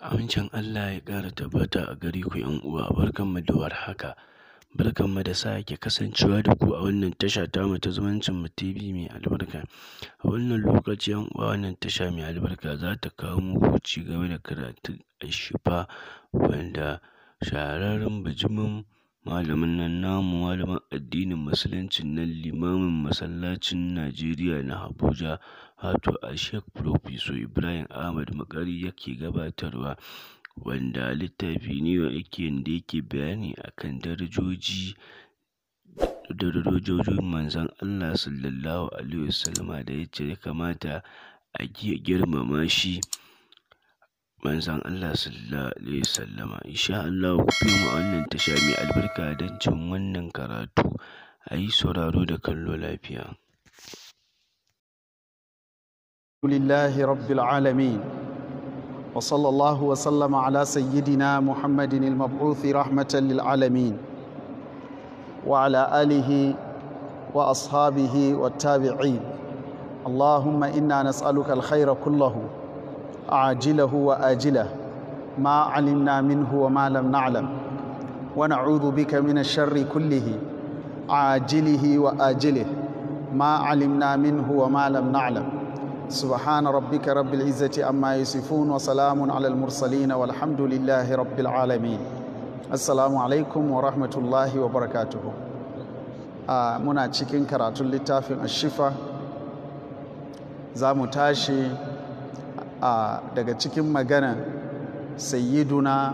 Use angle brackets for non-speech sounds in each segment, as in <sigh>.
Amincin Allah ya ƙara tabbata a gare ku ‘yan uwa, barkanmu da warhaka. Barkanmu da sake kasancewa da ku a wannan tasha tamu ta zumuncin mu TV mai albarka. A wannan lokaci ‘yan uwa wannan tasha mai albarka za ta kawo muku ci gaba da karatun Ashifa wanda shahararren bijimin malamin nan namu malamin addinin Musulunci nan limamin masallacin Najeriya na Abuja wato a shek Profeso Ibrahim Ahmad Makari yake gabatarwa, wanda littafi ne yake da yake bayani akan kan darajoji darajojin Manzon Allah Sallallahu Alaihi Wasallama da yace ya kamata a girmama shi Manzon Allah Sallallahu Alaihi Wasallama. Insha Allah ku fi mu wannan albarka don cin wannan karatu. ayi sauraro da kallo lafiya. لله رب العالمين وصلى الله وسلم على سيدنا محمد المبعوث رحمة للعالمين وعلى آله وأصحابه والتابعين اللهم إنا نسألك الخير كله عاجله وآجله ما علمنا منه وما لم نعلم ونعوذ بك من الشر كله عاجله وآجله ما علمنا منه وما لم نعلم سبحان ربك رب العزة عما يصفون وسلام على المرسلين والحمد لله رب العالمين السلام عليكم ورحمة الله وبركاته آه منا تشكين كراتو لتافي الشفا زامو تاشي آه دقا تشكين مغانا سيدنا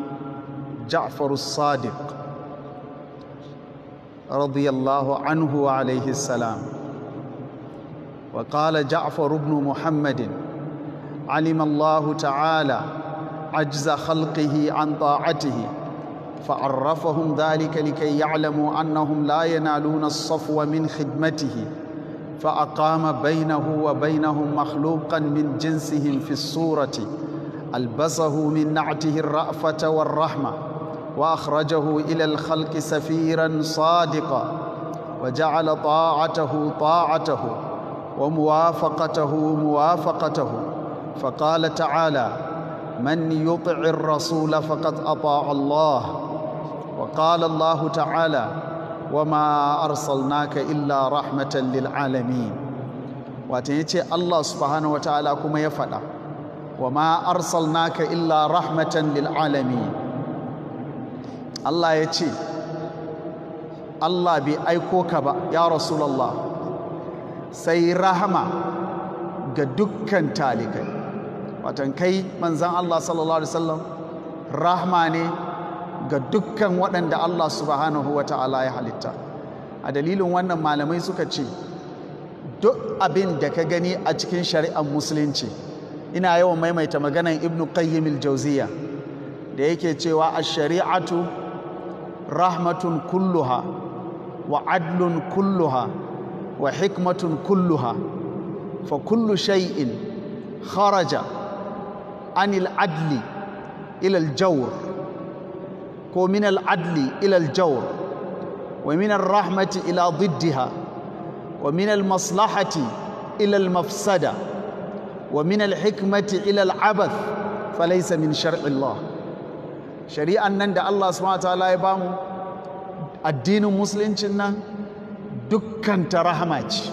جعفر الصادق رضي الله عنه وعليه السلام وقال جعفر بن محمد علم الله تعالى عجز خلقه عن طاعته فعرفهم ذلك لكي يعلموا أنهم لا ينالون الصفو من خدمته فأقام بينه وبينهم مخلوقا من جنسهم في الصورة ألبسه من نعته الرأفة والرحمة وأخرجه إلى الخلق سفيرا صادقا وجعل طاعته طاعته وموافقته موافقته فقال تعالى من يطع الرسول فقد أطاع الله وقال الله تعالى وما أرسلناك إلا رحمة للعالمين واتنيتي الله سبحانه وتعالى كما يفعل وما أرسلناك إلا رحمة للعالمين الله يتي الله بأيكوك يا رسول الله sai rahama ga dukkan talikai watan kai manzan Allah sallallahu alaihi wasallam rahama ne ga dukkan waɗanda Allah subhanahu wa ta'ala ya halitta a dalilin wannan malamai suka ce duk abin da ka gani a cikin shari'ar musulunci ina yawan maimaita maganan Ibnu qayyim al-jawziya da yake cewa ash-shari'atu rahmatun kulluha wa adlun kulluha wa hikmatun kulluha fa kullu shay'in kharaja anil adli ila al-jawr ko min al-adli ila al-jawr wa min ar-rahmati ila diddiha wa min al-maslahati ila al-mafsada wa min al-hikmati ila al-abath falaysa min shar'i Allah shari'an nan da Allah subhanahu wa ta'ala ya bamu addinin musulunci nan dukkanta rahama ce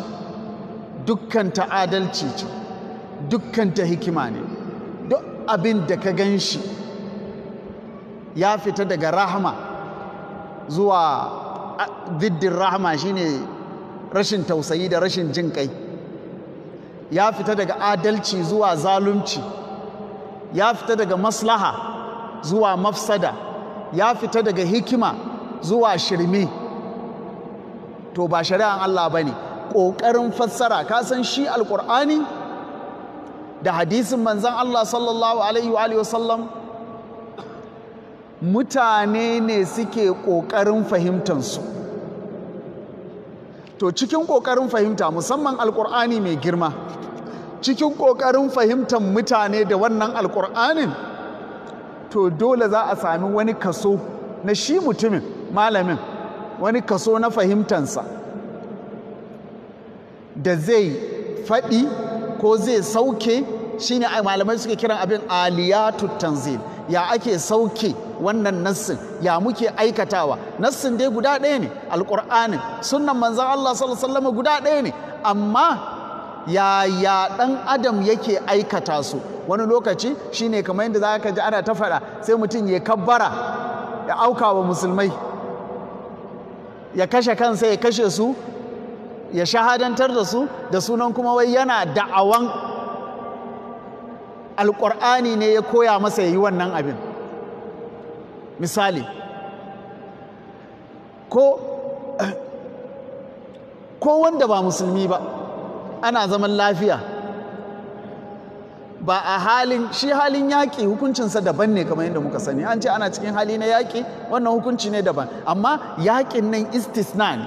dukkanta adalci ce dukkanta hikima ne duk abin da ka gan shi ya fita daga rahama zuwa diddin rahama shine rashin tausayi da rashin jin kai ya fita daga adalci zuwa zalunci ya fita daga maslaha zuwa mafsada ya fita daga hikima zuwa shirme to ba shari'an Allah ba ne ƙoƙarin fassara ka san shi alƙur'ani da hadisin manzan Allah sallallahu alaihi wa sallam mutane ne suke ƙoƙarin fahimtansu to cikin ƙoƙarin fahimta musamman alƙur'ani mai girma cikin ƙoƙarin fahimtar mutane da wannan alƙur'anin to dole za a sami wani kaso na shi mutumin malamin wani kaso na fahimtansa da zai faɗi ko zai sauke shine malamai suke kiran abin aliyatu tanzil ya ake sauke wannan nassin ya muke aikatawa nassin dai guda ɗaya ne alƙur'anin sunan manzan Allah sallallahu guda ɗaya ne amma ya ya ɗan adam yake aikata su wani lokaci shi ne kamar yadda za ka ji ana ta faɗa sai mutum ya kabbara ya auka wa musulmai ya kashe kansa ya kashe su ya shahadantar da su da sunan kuma wai yana da'awan alƙur'ani ne ya koya masa ya yi wannan abin misali ko ko wanda ba musulmi ba ana zaman lafiya ba a halin shi halin yaƙi hukuncinsa daban ne kamar yadda muka sani an ce ana cikin hali na yaƙi wannan hukunci ne daban amma yaƙin nan istisna ne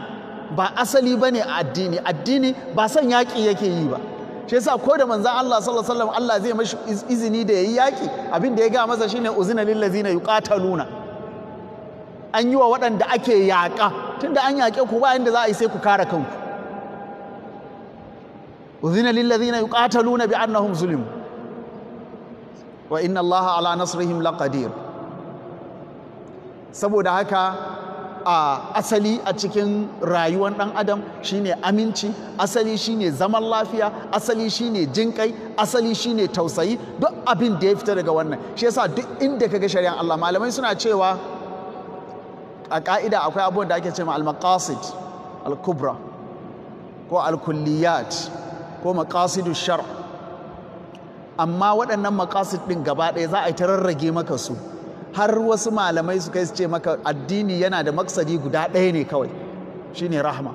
ba asali ba ne a addini addini ba son yaƙi yake yi ba shi yasa ko da manzon Allah sallallahu alaihi wasallam Allah zai mashi izini da yayi yaƙi abin da ya ga masa shine uzina lil ladzina yuqataluna an yi wa waɗanda ake yaƙa tunda an yaƙe ku ba inda za a yi sai ku kare kanku uzina lil ladzina yuqataluna bi annahum zulimu wa inna allaha ala nasrihim qadir saboda haka a asali a cikin rayuwar ɗan adam shine aminci asali shine zaman lafiya asali shine jinƙai asali shine tausayi duk abin da ya fita daga wannan shi yasa duk inda kaga shari'an Allah malamai suna cewa a ka'ida akwai abubuwan da ake cewa al-maqasid al-kubra ko al-kulliyat ko maqasidush shar' amma waɗannan makasid ɗin gaba ɗaya za a yi ta rarrage maka su har wasu malamai su kai su ce maka addini yana da maksadi guda ɗaya ne kawai shine rahma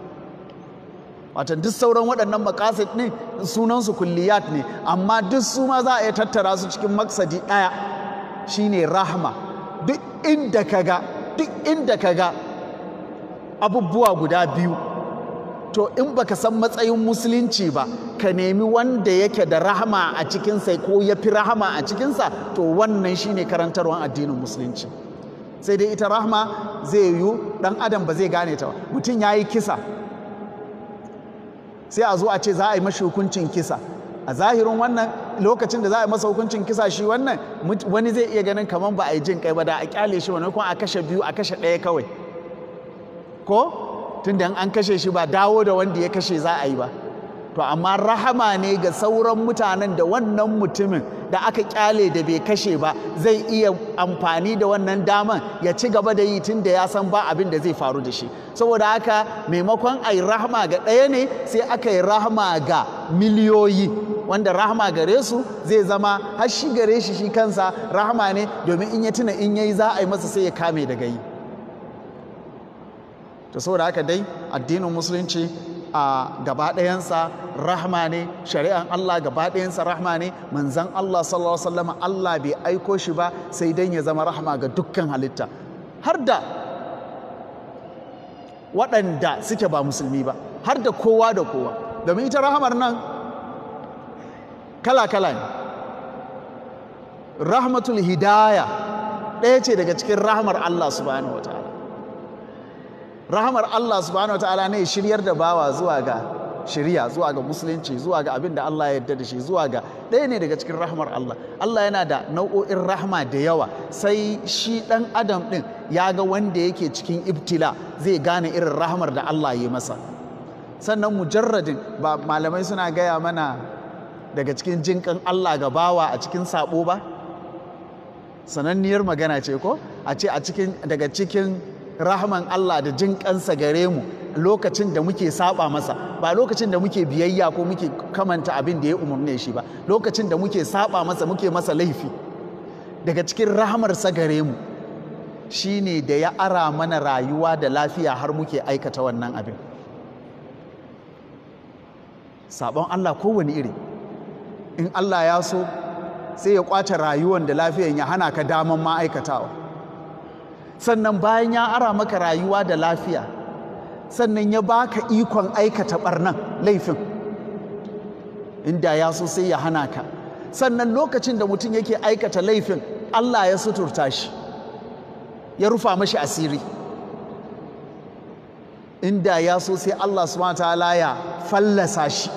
watan duk sauran waɗannan makasid ɗin sunansu kulliyat ne amma duk su ma za a yi tattara su cikin maksadi ɗaya shine rahma duk inda ga, duk inda kaga abubuwa guda biyu to in baka san matsayin musulunci ba ka nemi wanda yake da rahama a cikinsa ko ya fi rahama a cikinsa to wannan shine karantarwan addinin musulunci sai dai ita rahama zai yi dan adam ba zai gane ta ba mutum ya yi kisa sai a zo a ce za a yi mashi hukuncin kisa a zahirin wannan lokacin da za a yi masa hukuncin kisa shi wannan wani zai iya ganin kamar ba a yi jin kai ba da a kyale shi wani kuma a kashe biyu a kashe ɗaya kawai ko tunda in an kashe shi ba dawo da wanda ya kashe za a yi ba to amma rahama ne ga sauran mutanen da wannan mutumin da aka kyale da bai kashe ba zai iya amfani da wannan daman ya ci gaba da yi tunda da ya san ba abin da zai faru da shi saboda haka maimakon a yi rahama ga ɗaya ne sai aka yi rahama ga miliyoyi wanda rahama gare su zai zama har shi gare shi shi kansa rahama ne domin in ya tuna in yayi za a yi masa sai ya kame daga yi to saboda haka dai addinin musulunci a gabaɗayansa rahma ne shari'an Allah gabaɗayansa rahma ne manzan Allah sallallahu alaihi wasallam Allah bai aiko shi ba sai dan ya zama rahma ga dukkan halitta har da waɗanda suke ba musulmi ba har da kowa da kowa domin ita rahmar nan kala-kala ne rahmatul hidaya ɗaya ce daga cikin rahmar Allah subhanahu wa ta'ala rahamar Allah subhanahu ta'ala ne shiryar da bawa zuwa ga shiriya zuwa ga musulunci zuwa ga abin da Allah ya yarda da shi zuwa ga ɗaya ne daga cikin rahamar Allah Allah yana da nau'o'in rahama da yawa sai shi ɗan adam ɗin ya ga wanda yake cikin ibtila zai gane irin rahamar da Allah ya masa sannan mujarradin ba malamai suna gaya mana daga cikin jinkan Allah ga bawa a cikin sabo ba sananniyar magana ce ko a ce a cikin daga cikin rahman Allah da jin kansa gare mu lokacin da muke saba masa ba lokacin da muke biyayya ko muke kamanta abin da ya umarne shi ba lokacin da muke saba masa muke masa laifi daga cikin sa gare mu shine da ya ara mana rayuwa da lafiya har muke aikata wannan abin sabon Allah kowane iri in Allah ya so sai ya kwace rayuwan da lafiyan ya hana ka daman ma'aikatawa sannan bayan ya ara maka rayuwa da lafiya sannan ya baka ikon aikata barnan laifin inda ya so sai ya hana ka sannan lokacin da mutum yake aikata laifin Allah ya suturta shi ya rufa mashi asiri inda ya so sai Allah subhanahu ta'ala ya fallasa shi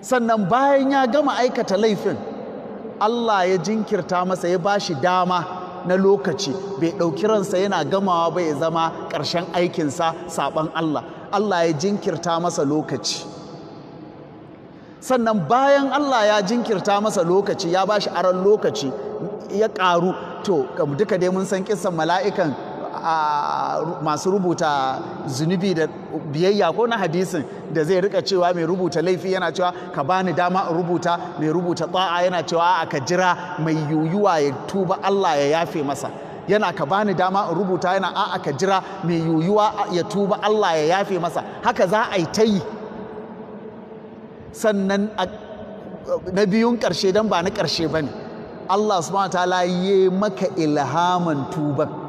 sannan bayan ya gama aikata laifin Allah ya jinkirta masa ya bashi dama na lokaci bai ɗauki ransa yana gamawa bai zama ƙarshen aikinsa saɓan Allah Allah ya jinkirta masa lokaci sannan bayan Allah ya jinkirta masa lokaci ya ba shi aron lokaci ya ƙaru to duka dai mun san kisan mala'ikan a masu rubuta zunubi da biyayya ko na hadisin da zai rika cewa mai rubuta laifi yana cewa ka bani dama in rubuta mai rubuta tsa'a yana cewa a ka jira mai yuyuwa ya tuba Allah ya yafe masa yana ka bani dama in rubuta yana a'a ka jira mai yuyuwa ya tuba Allah ya yafe masa haka za a yi ta yi sannan na biyun karshe don ba na karshe ba ne Allah subhanahu wa ta'ala maka ilhaman tuban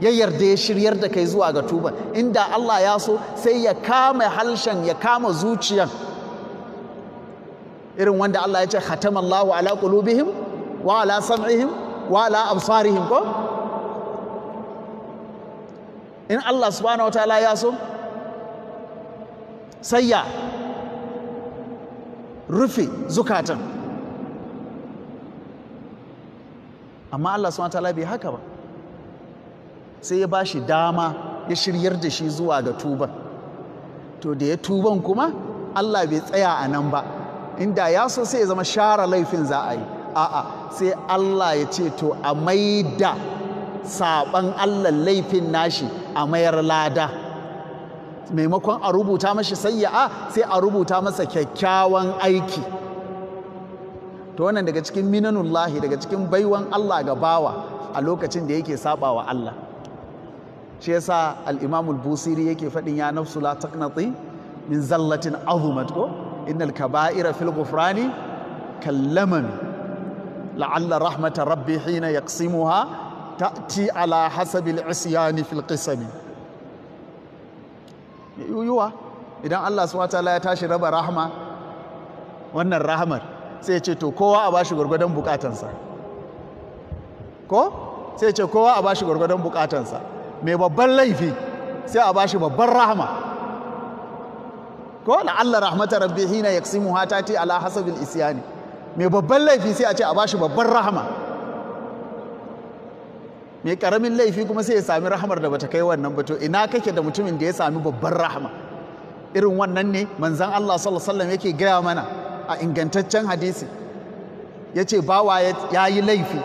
ya yarda ya shiryar da kai zuwa ga tuba inda Allah ya so sai ya kama halshen ya kama zuciyan irin wanda Allah ya ce khatamallahu ala qulubihim wa ala sam'ihim wa ala absarihim ko in Allah subhanahu wataala ya so sai ya rufe zukatan amma Allah subhanahu wataala bai haka ba sai ya ba shi dama ya shiryar da shi zuwa ga tuban to da ya tuban kuma Allah bai tsaya a nan ba inda ya so sai ya zama share laifin za a yi a'a sai Allah ya ce to a maida saban Allah laifin nashi a mayar lada maimakon a rubuta mashi sayya'a sai a rubuta masa kyakkyawan aiki to wannan daga cikin minanullahi daga cikin baiwan Allah ga bawa a lokacin da yake saba wa Allah shi yasa al busiri yake fadin ya nafsu la taqnati min zallatin azumat ko innal kaba'ira fil ghufrani kallaman la'alla rahmata rabbi hina yaqsimuha ta'ti ala hasabi al-isyani fil qisami idan Allah subhanahu ya tashi raba rahma wannan rahmar sai ya ce to kowa a bashi gwargwadon bukatansa ko sai ce kowa a bashi gwargwadon bukatansa mai babban laifi sai a bashi babban rahama ko Allah rahmata rabbi hina yaksimuha tati ala hasabil isyani mai babban laifi sai a ce a bashi babban rahama mai karamin laifi kuma sai ya sami rahamar da bata kai wannan ba to ina kake da mutumin da ya sami babban rahama irin wannan ne manzon Allah sallallahu alaihi yake gaya mana a ingantaccen hadisi yace bawa ya laifi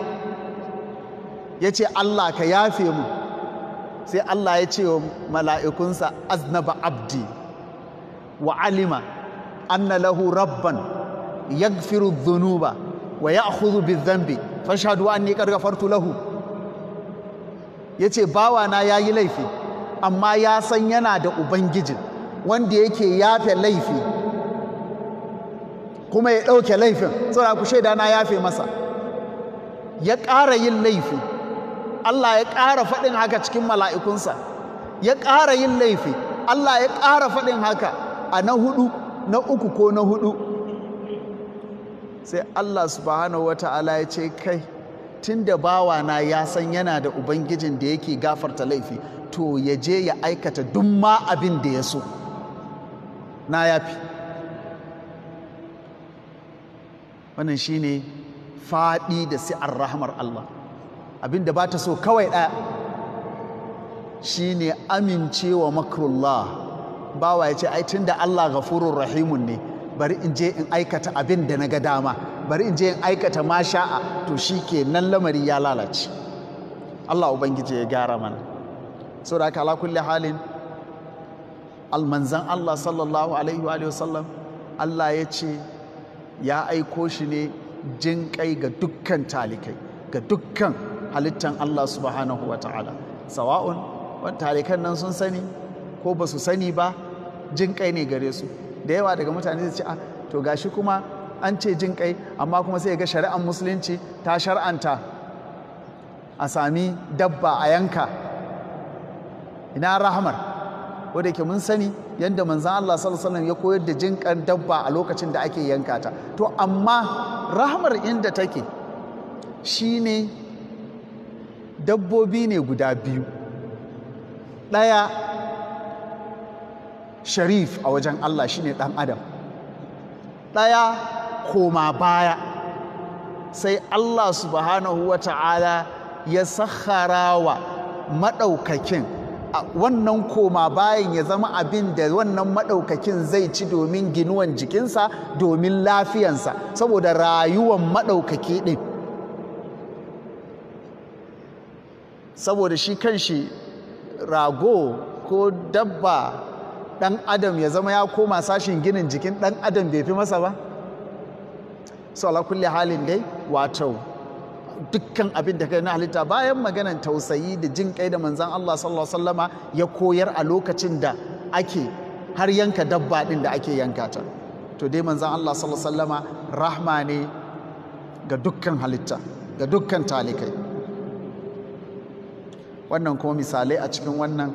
yace Allah ka yafe mu sai Allah ya ce wa mala'ikunsa aznaba abdi wa alima anna lahu rabban yagfiru zunuba wa ya ya'khudhu bi-dhanbi fashhadu anni qad ghafartu lahu ce bawa na yi laifi amma ya san yana da ubangijin wanda yake yafe laifi kuma ya ɗauke laifin tsara ku shaida na yafe masa ya ƙara yin laifi Allah ya ƙara faɗin haka cikin mala'ikunsa ya ƙara yin laifi Allah ya ƙara faɗin haka a na hudu na uku ko na hudu sai Allah subhanahu ala ya ce kai tun da na ya san yana da ubangijin da yake gafarta laifi to ya je ya aikata duk ma abin da ya so na yafi wannan shi ne faɗi da si'ar rahmar Allah Abin da ba ta so kawai ɗaya shine amincewa Ba wa ya ce ai tun da Allah ghafurur rahimun ne bari in je in aikata abin da na ga dama bari in je in aikata masha'a to shi ke nan lamari ya lalace Allah ubangiji ya gyara mana saboda da ala kulli halin almanzan Allah sallallahu alaihi wa sallam Allah ya ce ya aiko shi ne jin kai ga dukkan talikai ga dukkan halittan Allah subhanahu wa ta'ala sawa'un tarikan nan sun sani ko ba su sani ba jin kai ne gare su da yawa daga mutane su ce a ah, to gashi kuma an ce jin kai amma kuma sai ga shari'ar musulunci ta shar'anta a sami dabba a yanka ina rahamar wadda ke mun sani yadda manzan Allah sallallahu ya koyar da jinkan dabba a lokacin da ake yanka ta to amma rahamar inda take shine dabbobi ne guda biyu ɗaya sharif a wajen Allah shine ɗan adam ɗaya koma baya sai Allah subhanahu wa ta'ala ya wa maɗaukakin wannan koma bayan ya zama abin da wannan maɗaukakin zai ci domin ginuwan jikinsa domin lafiyansa saboda rayuwan maɗaukaki ɗin saboda shi kan shi rago ko dabba ɗan adam ya zama ya koma sashin ginin jikin ɗan adam bai fi masa ba so ala kulle halin dai wato dukkan abin da kai na halitta bayan maganan tausayi da jin kai da manzan Allah sallallahu alaihi wasallama ya koyar a lokacin da ake har yanka dabba din da ake yanka ta to dai manzan Allah sallallahu alaihi wasallama rahma ne ga dukkan halitta ga dukkan talikai wannan kuma misalai a cikin wannan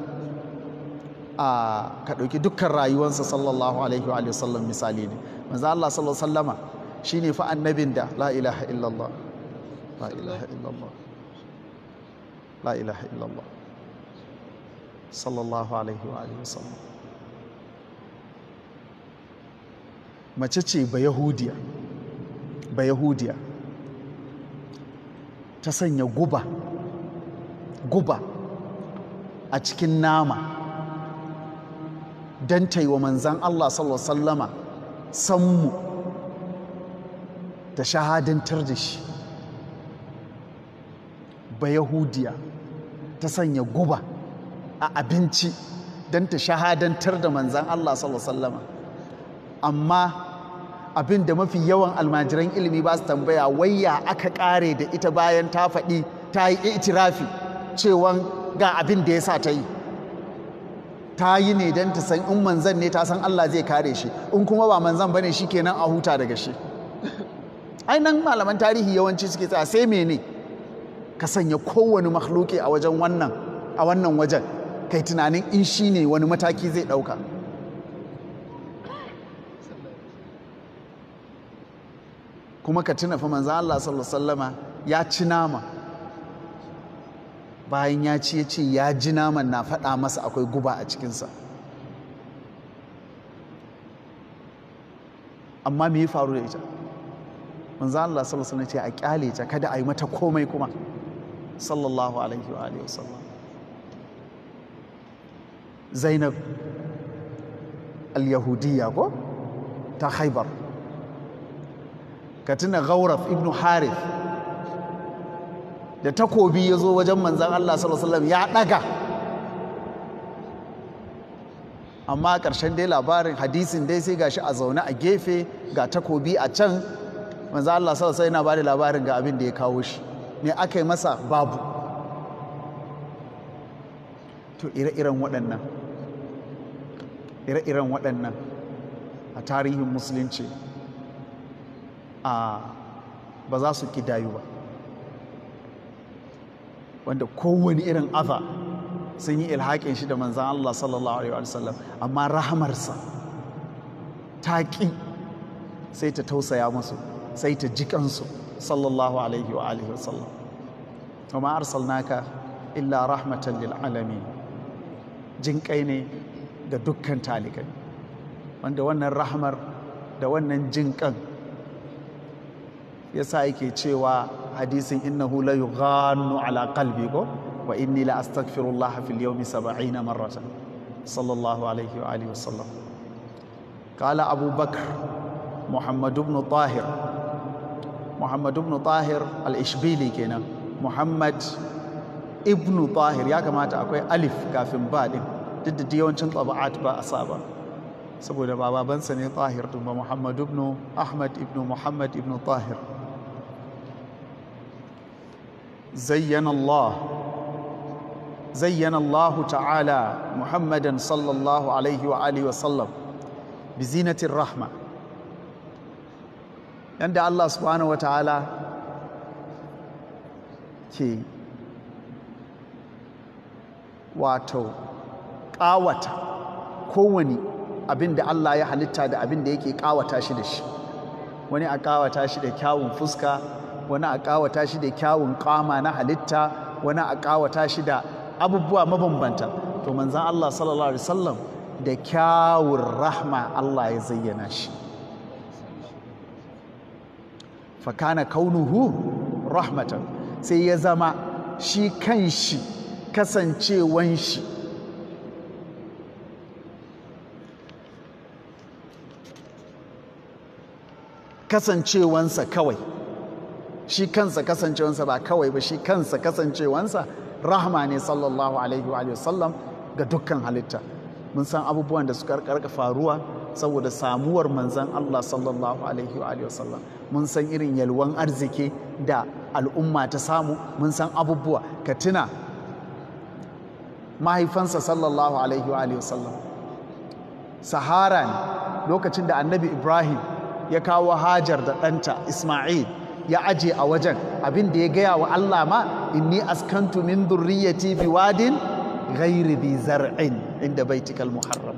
a ka ɗauki dukkan rayuwarsa sallallahu alaihi wa sallam misali ne manzo Allah sallallahu alaihi sallama shine fa annabin da la ilaha illallah la ilaha illallah la ilaha illallah sallallahu alaihi wa sallam mace ce ba yahudiya ba yahudiya ta sanya guba guba a cikin nama don ta yi wa manzan Allah sallama sammu ta shahadantar da shi ba yahudiya ta sanya guba a abinci don ta shahadantar da manzan Allah sallama amma abin da mafi yawan almajiran ilimi ba su tambaya wayya aka kare da ita bayan ta faɗi ta yi itirafi cewan ga abin da ya sa ta yi ta yi ne don ta san in manzan ne ta san Allah zai kare shi in kuma ba manzan bane shi kenan a huta daga shi ai nan malaman tarihi yawanci suke tsaya sai mene ka sanya kowane makhluki a wajen wannan a wannan wajen kai tunanin in shi ne wani mataki zai ɗauka kuma ka tuna fa manzan Allah sallallahu alaihi wasallama ya ci nama bayan ya ci ya ce ya ji naman na faɗa masa akwai guba a cikinsa amma me yi faru da ita manzo Allah sallallahu alaihi wasallam ce a kyale ta kada a yi mata komai kuma sallallahu alaihi wa alihi wasallam Zainab al-Yahudiyya ko ta Khaibar katina Ghauraf ibn Harith da takobi ya zo wajen manzan Allah sallallahu ya ɗaga amma ƙarshen dai labarin hadisin dai sai gashi a zaune a gefe ga takobi a can manzan Allah sallallahu yana ba da labarin ga abin da ya kawo shi ne aka yi masa babu to ire-iren waɗannan ire-iren waɗannan a tarihin musulunci a ba za su ƙidayu ba wanda kowane irin aza sun yi ilhaƙin shi da manzan Allah sallallahu alaihi wasallam amma rahamarsa ta ƙi sai ta tausaya musu sai ta jikansu sallallahu alaihi wa wasallam illa rahmatan lil alami jin kai ne da dukkan talikai wanda wannan rahmar da wannan jin kan sa yake cewa حديث إنه لا يغان على قلبك وإني لا أستغفر الله في اليوم سبعين مرة صلى الله عليه وآله وسلم قال أبو بكر محمد بن طاهر محمد بن طاهر الإشبيلي كنا محمد ابن طاهر يا كما تأكوي ألف كافٍ بعد ديون ديوانشن طبعات بأصابة سبوا بابا سني طاهر ثم محمد بن أحمد ابن محمد ابن طاهر زين الله زين الله تعالى محمدا صلى الله عليه وآله وسلم بزينة الرحمة عند الله سبحانه وتعالى كي واتو قاوتا كوني abin da Allah ya halitta da abin da yake kawata shi da shi wani a kawata shi da kyawun fuska wani a ƙawata shi da kyawun kama na halitta wani a ƙawata shi da abubuwa mabambanta to manzan Allah sallallahu alaihi wasallam da kyawun rahma Allah ya zayyana shi fakana kaunuhu rahmatan sai ya zama shi kanshi kasancewan shi kasancewansa kawai shi kansa kasancewansa ba kawai ba shi kansa kasancewansa rahama ne sallallahu alaihi wa sallam ga dukkan halitta mun san abubuwan da suka karka faruwa saboda samuwar manzan Allah sallallahu alaihi wa sallam mun san irin yalwan arziki da al'umma ta samu mun san abubuwa ka tuna mahaifansa sallallahu alaihi wa sallam sahara ne lokacin da annabi ibrahim ya kawo hajar da ɗanta isma'il ya aje a wajen abin da ya gaya wa Allah ma inni askantu min dhurriyyati bi wadin ghairi bi zar'in inda baitikal muharram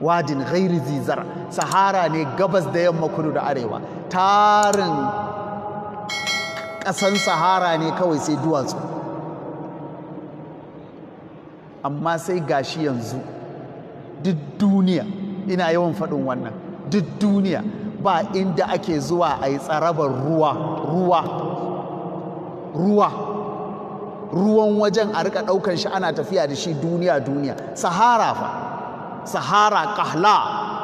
wadin ghairi zi zar sahara ne gabas da yamma kudu da arewa tarin ƙasan sahara ne kawai sai duwatsu amma sai gashi yanzu duk duniya ina yawan faɗin wannan duk duniya ba inda ake zuwa a yi tsarabar ruwa ruwa ruwa ruwan wajen a rika ɗaukan shi ana tafiya da shi duniya duniya sahara fa sahara kahla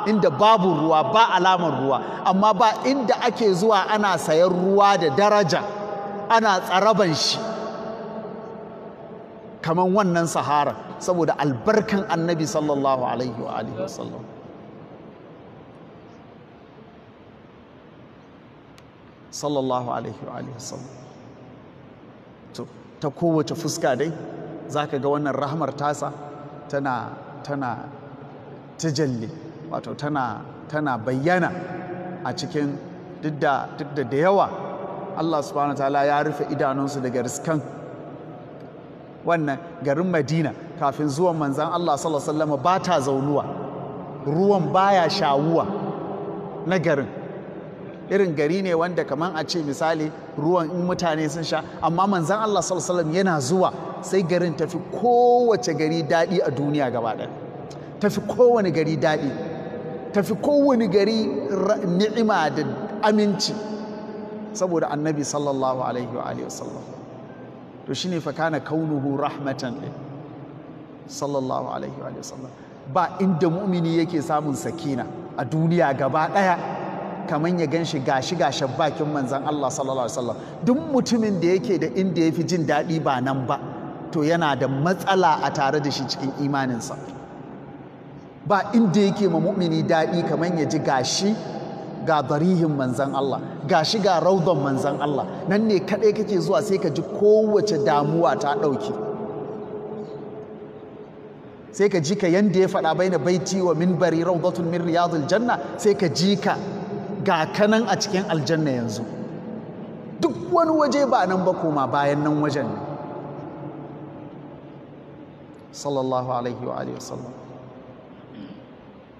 inda babu ruwa ba alamar ruwa amma ba inda ake zuwa ana sayan ruwa da daraja ana tsaraban shi kamar wannan sahara saboda albarkan annabi sallallahu alaihi wa alihi wasallam sallallahu alaihi wa sallam to ta kowace fuska dai zaka ga wannan rahmar tasa tana tana tijalli wato tana tana bayyana a cikin duk da duk da da yawa Allah subhanahu wa ta'ala ya rufe idanunsu daga riskan wannan garin Madina kafin zuwan manzan Allah sallallahu alaihi wa sallam ba ta zaunuwa ruwan baya shawuwa na garin irin gari ne wanda kaman a ce misali ruwan in mutane sun sha amma manzan Allah sallallahu yana zuwa sai garin tafi kowace gari daɗi a duniya gaba ɗaya tafi kowane gari daɗi tafi kowane gari ni'ima da aminci saboda annabi sallallahu alaihi wa sallam. to shi ne kana kaunuhu rahmatan ne. sallallahu alaihi wa sallam. ba inda mu'mini yake samun sakina a duniya gaba ɗaya kamar ya gan shi gashi gashin bakin manzan Allah sallallahu alaihi wasallam duk mutumin da yake da inda ya fi jin daɗi ba nan ba to yana da matsala a tare da shi cikin imaninsa ba inda yake ma mu'mini daɗi kamar ya ji gashi ga barihin manzan Allah gashi ga raudon manzan Allah nan ne kaɗai kake zuwa sai ka ji kowace damuwa ta ɗauki sai ka ji ka yanda ya faɗa bai na baiti wa minbari raudatun min riyadul janna sai ka ji ka ga kanan a cikin aljanna yanzu duk wani waje ba nan ba koma bayan nan wajen ne sallallahu alaihi wa alihi wasallam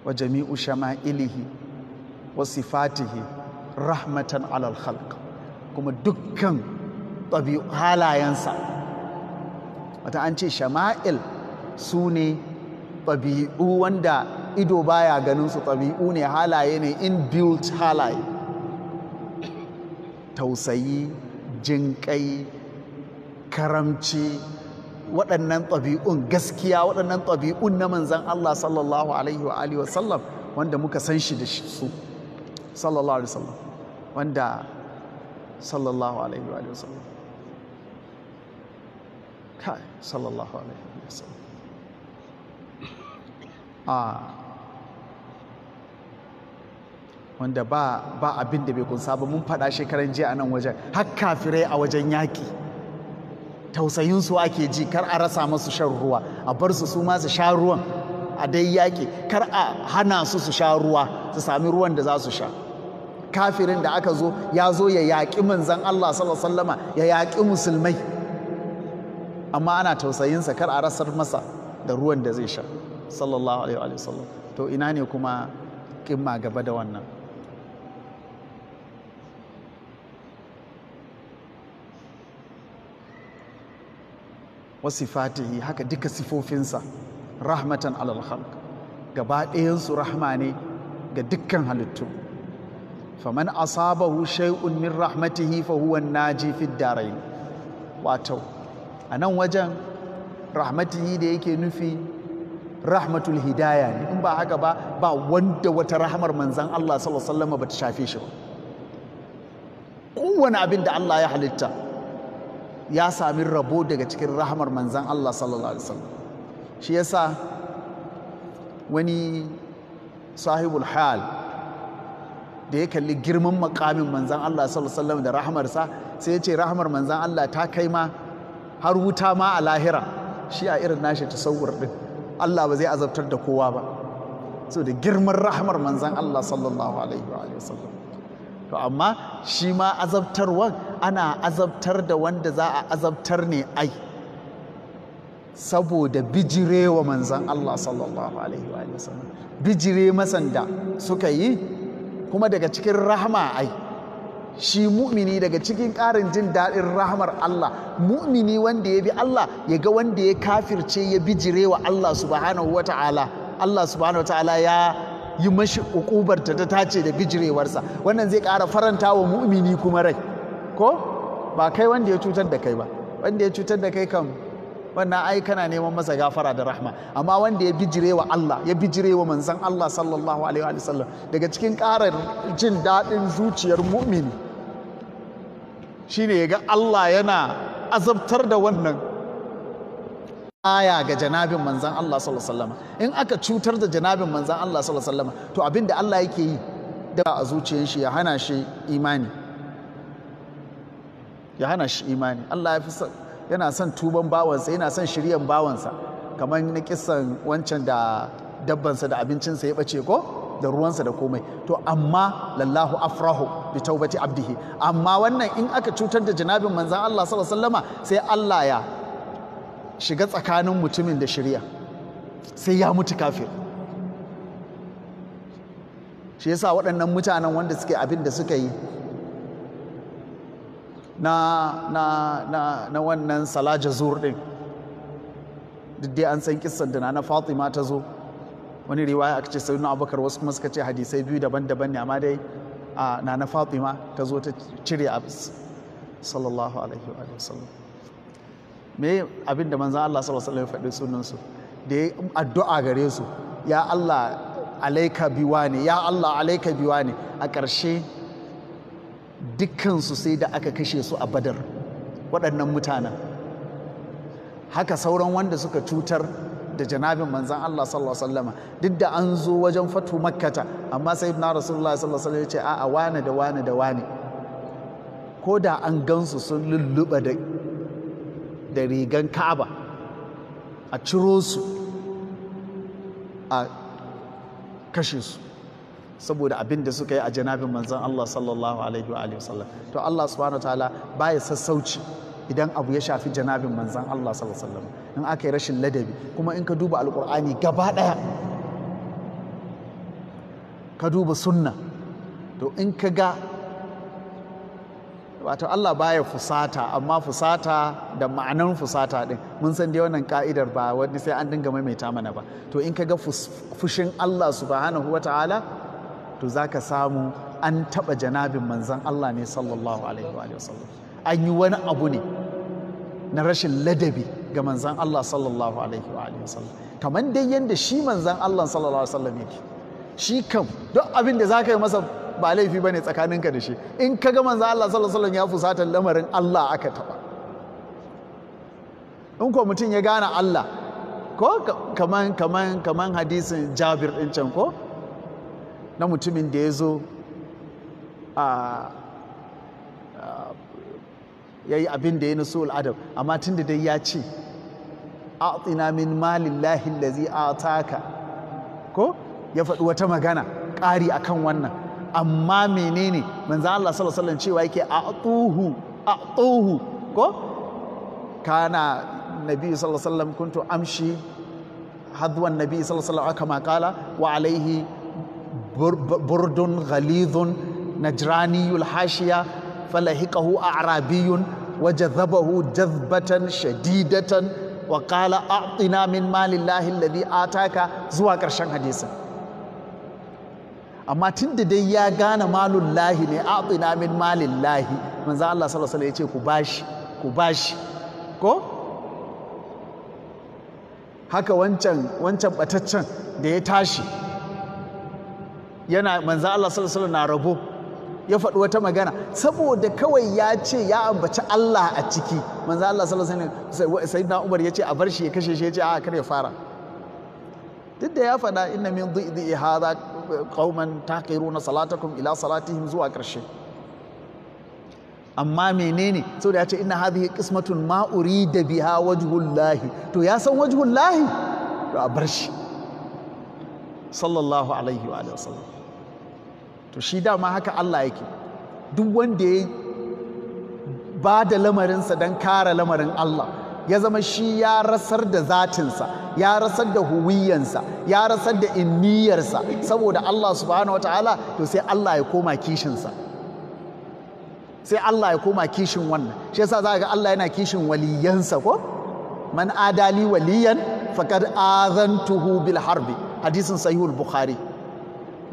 wa jami'u shama'ilihi wa sifatihi rahmatan alal khalq kuma dukkan ɗabi'u halayensa wata an ce shama'il su ne ɗabi'u wanda ido baya ganin su ɗabi'u ne halaye ne inbuilt halaye tausayi jinkai karamci waɗannan ɗabi'un gaskiya waɗannan ɗabi'un na manzan Allah sallallahu alaihi wa alihi wasallam wanda muka san shi da su sallallahu alaihi wasallam wanda sallallahu alaihi wa wasallam kai sallallahu alaihi wasallam ah wanda ba ba abin da bai kunsa ba mun faɗa shekaran jiya a nan wajen har kafirai a wajen yaƙi tausayinsu ake ji kar a rasa masu shan ruwa a bar su su ma su sha ruwan a dai yaƙi kar a hana su su sha ruwa su sami ruwan da za su sha kafirin da aka zo ya zo ya yaƙi manzan Allah sallallahu ya yaƙi musulmai amma ana tausayinsa kar a rasar masa da ruwan da zai sha sallallahu alaihi wa sallam to ina ne kuma kimma gaba da wannan wa sifatihi haka duka sifofinsa rahmatan alal khalq gaba ɗayansu rahma ne ga dukkan halittu faman asabahu shay'un min rahmatihi fa huwa naji fid darain wato a nan wajen rahmatihi da yake nufi rahmatul hidaya ne in ba haka ba ba wanda wata rahmar manzan Allah sallallahu alaihi wasallam ba ta shafe shi ba kowane abin da Allah ya halitta ya sami rabo daga cikin rahamar manzan Allah sallallahu alaihi wasallam shi sa wani sahibul hal da ya kalli girman makamin manzan Allah sallallahu alaihi wasallam da rahamarsa sai ya ce rahamar manzan Allah ta kai ma har wuta ma a lahira shi a irin nashi tasawwur din Allah ba zai azabtar da kowa ba so da girman rahamar manzan Allah sallallahu alaihi wasallam to amma shi ma azabtarwar ana azabtar da wanda za a azabtar ne ai saboda bijirewa manzan Allah sallallahu alaihi wa bijire masanda suka yi kuma daga cikin rahama ai shi mu'mini daga cikin ƙarin jin daɗin rahamar Allah mu'mini wanda ya bi Allah ya ga wanda ya kafirce ya bijire wa Allah subhanahu wa ta'ala Allah subhanahu wa ta'ala ya yi mashi ukubar ta ta tace da bijirewarsa wannan zai ƙara faranta wa mu'mini kuma rai ko ba kai wanda ya cutar da kai ba wanda ya cutar da kai kan wannan ai kana neman masa gafara da rahma amma wanda ya bijire wa Allah ya bijire wa manzon Allah sallallahu alaihi wa sallam daga cikin karar jin daɗin zuciyar mu'mini shine ya ga Allah yana azabtar da wannan aya ga janabin manzan Allah sallallahu alaihi sallam in aka cutar da janabin manzan Allah sallallahu alaihi sallam to abinda Allah yake yi da a zuciyar shi ya hana shi imani ya hana shi imani Allah ya fi yana son tuban bawansa yana son shiryan bawansa kamar na kisan wancan da dabbansa da abincinsa ya bace ko da ruwansa da komai to amma lallahu afrahu bi taubati abdihi amma wannan in aka cutar da janabin manzan Allah sallallahu alaihi sai Allah ya shiga tsakanin mutumin da shirya sai ya mutu kafir shi yasa waɗannan mutanen wanda suke abin da suka yi na na na na wannan salaja zur din duk dai an san kissan da na Fatima ta zo wani riwaya aka ce sayyidina Abubakar wasu kuma suka ce hadisai biyu daban-daban ne amma dai a na na Fatima ta zo ta cire abis sallallahu alaihi wa sallam me abin da manzon Allah sallallahu alaihi wa sallam ya faɗi sunan su da ya addu'a gare su ya Allah alaika ya Allah alaika biwa ne a ƙarshe dukkansu sai da aka kashe su a badar waɗannan mutanen haka sauran wanda suka cutar da janabin manzan Allah sallallahu alaihi duk da an zo wajen fatu makkata amma sai na rasulullah sallallahu alaihi ya ce a'a wane da wane da wane ko da an gansu sun lulluɓa da rigan ka'aba a ciro su a kashe su saboda abin da suka yi a janabin manzon Allah sallallahu alaihi wa alihi wasallam to Allah subhanahu wataala baya sassauci idan abu ya shafi janabin manzon Allah sallallahu alaihi wasallam in aka yi rashin ladabi kuma in ka duba alqur'ani gaba daya ka duba sunna to in ka ga wato Allah baya fusata amma fusata da ma'anar fusata din mun san dai wannan ka'idar ba wani sai an dinga maimaita mana ba to in ka ga fushin Allah subhanahu wataala to za ka samu an taɓa janabin manzan Allah ne sallallahu alaihi wa sallam an yi wani abu ne na rashin ladabi ga manzan Allah sallallahu alaihi wa sallam kamar dai yadda shi manzan Allah sallallahu alaihi wa sallam yake shi kam duk abin da za ka yi masa ba laifi ba ne tsakaninka da shi in ka ga manzan Allah sallallahu alaihi wa sallam ya fusata lamarin Allah aka taɓa in ko mutum ya gane Allah ko kaman kaman kaman hadisin Jabir ɗin can ko na mutumin da ya zo a ya yi abin da ya naso al'adam amma tun da dai ya ce a min malillahi lazi a taka ko ya faɗi wata magana ƙari a kan wannan amma menene manzan Allah salasalan cewa yake a tsohu a tsohu ko kana nabi salasalan kuntu amshi hadwan nabi salasalan aka makala wa alaihi burdun ghalidhun najraniyul hashiya falahiqahu a'rabiyun وجذبه جذبة شديدة وقال أعطنا من مال الله الذي آتاك زوا ƙarshen hadisin amma tun da dai ya gane malun ne atina min malin lahi manzo Allah sallallahu alaihi ya ce ku bashi ku bashi ko haka wancan wancan bataccen da ya tashi yana manzo Allah sallallahu na rabo ya faɗi wata magana saboda kawai ya ce ya ambaci Allah a ciki manzo Allah sallallahu alaihi sayyidina Umar ya ce a bar shi ya kashe shi ya ce a kar ya fara duk da ya faɗa inna min dhi'i hadha qauman taqiruna salatakum ila salatihim zuwa ƙarshe amma menene saboda ya ce inna hadhihi qismatun ma urida biha wajhullahi to ya san wajhullahi to a bar shi sallallahu alaihi wa sallam to shi dama haka Allah yake duk wanda ya ba da lamarinsa don kare lamarin Allah ya zama shi ya rasar da zatinsa ya rasar da huwiyansa ya rasar da inniyarsa saboda Allah subhanahu wa ta'ala to sai Allah ya koma kishinsa sai Allah ya koma kishin wannan shi yasa za ga Allah yana kishin waliyansa ko man adali waliyan faqad azantuhu bil harbi hadisin sahihul bukhari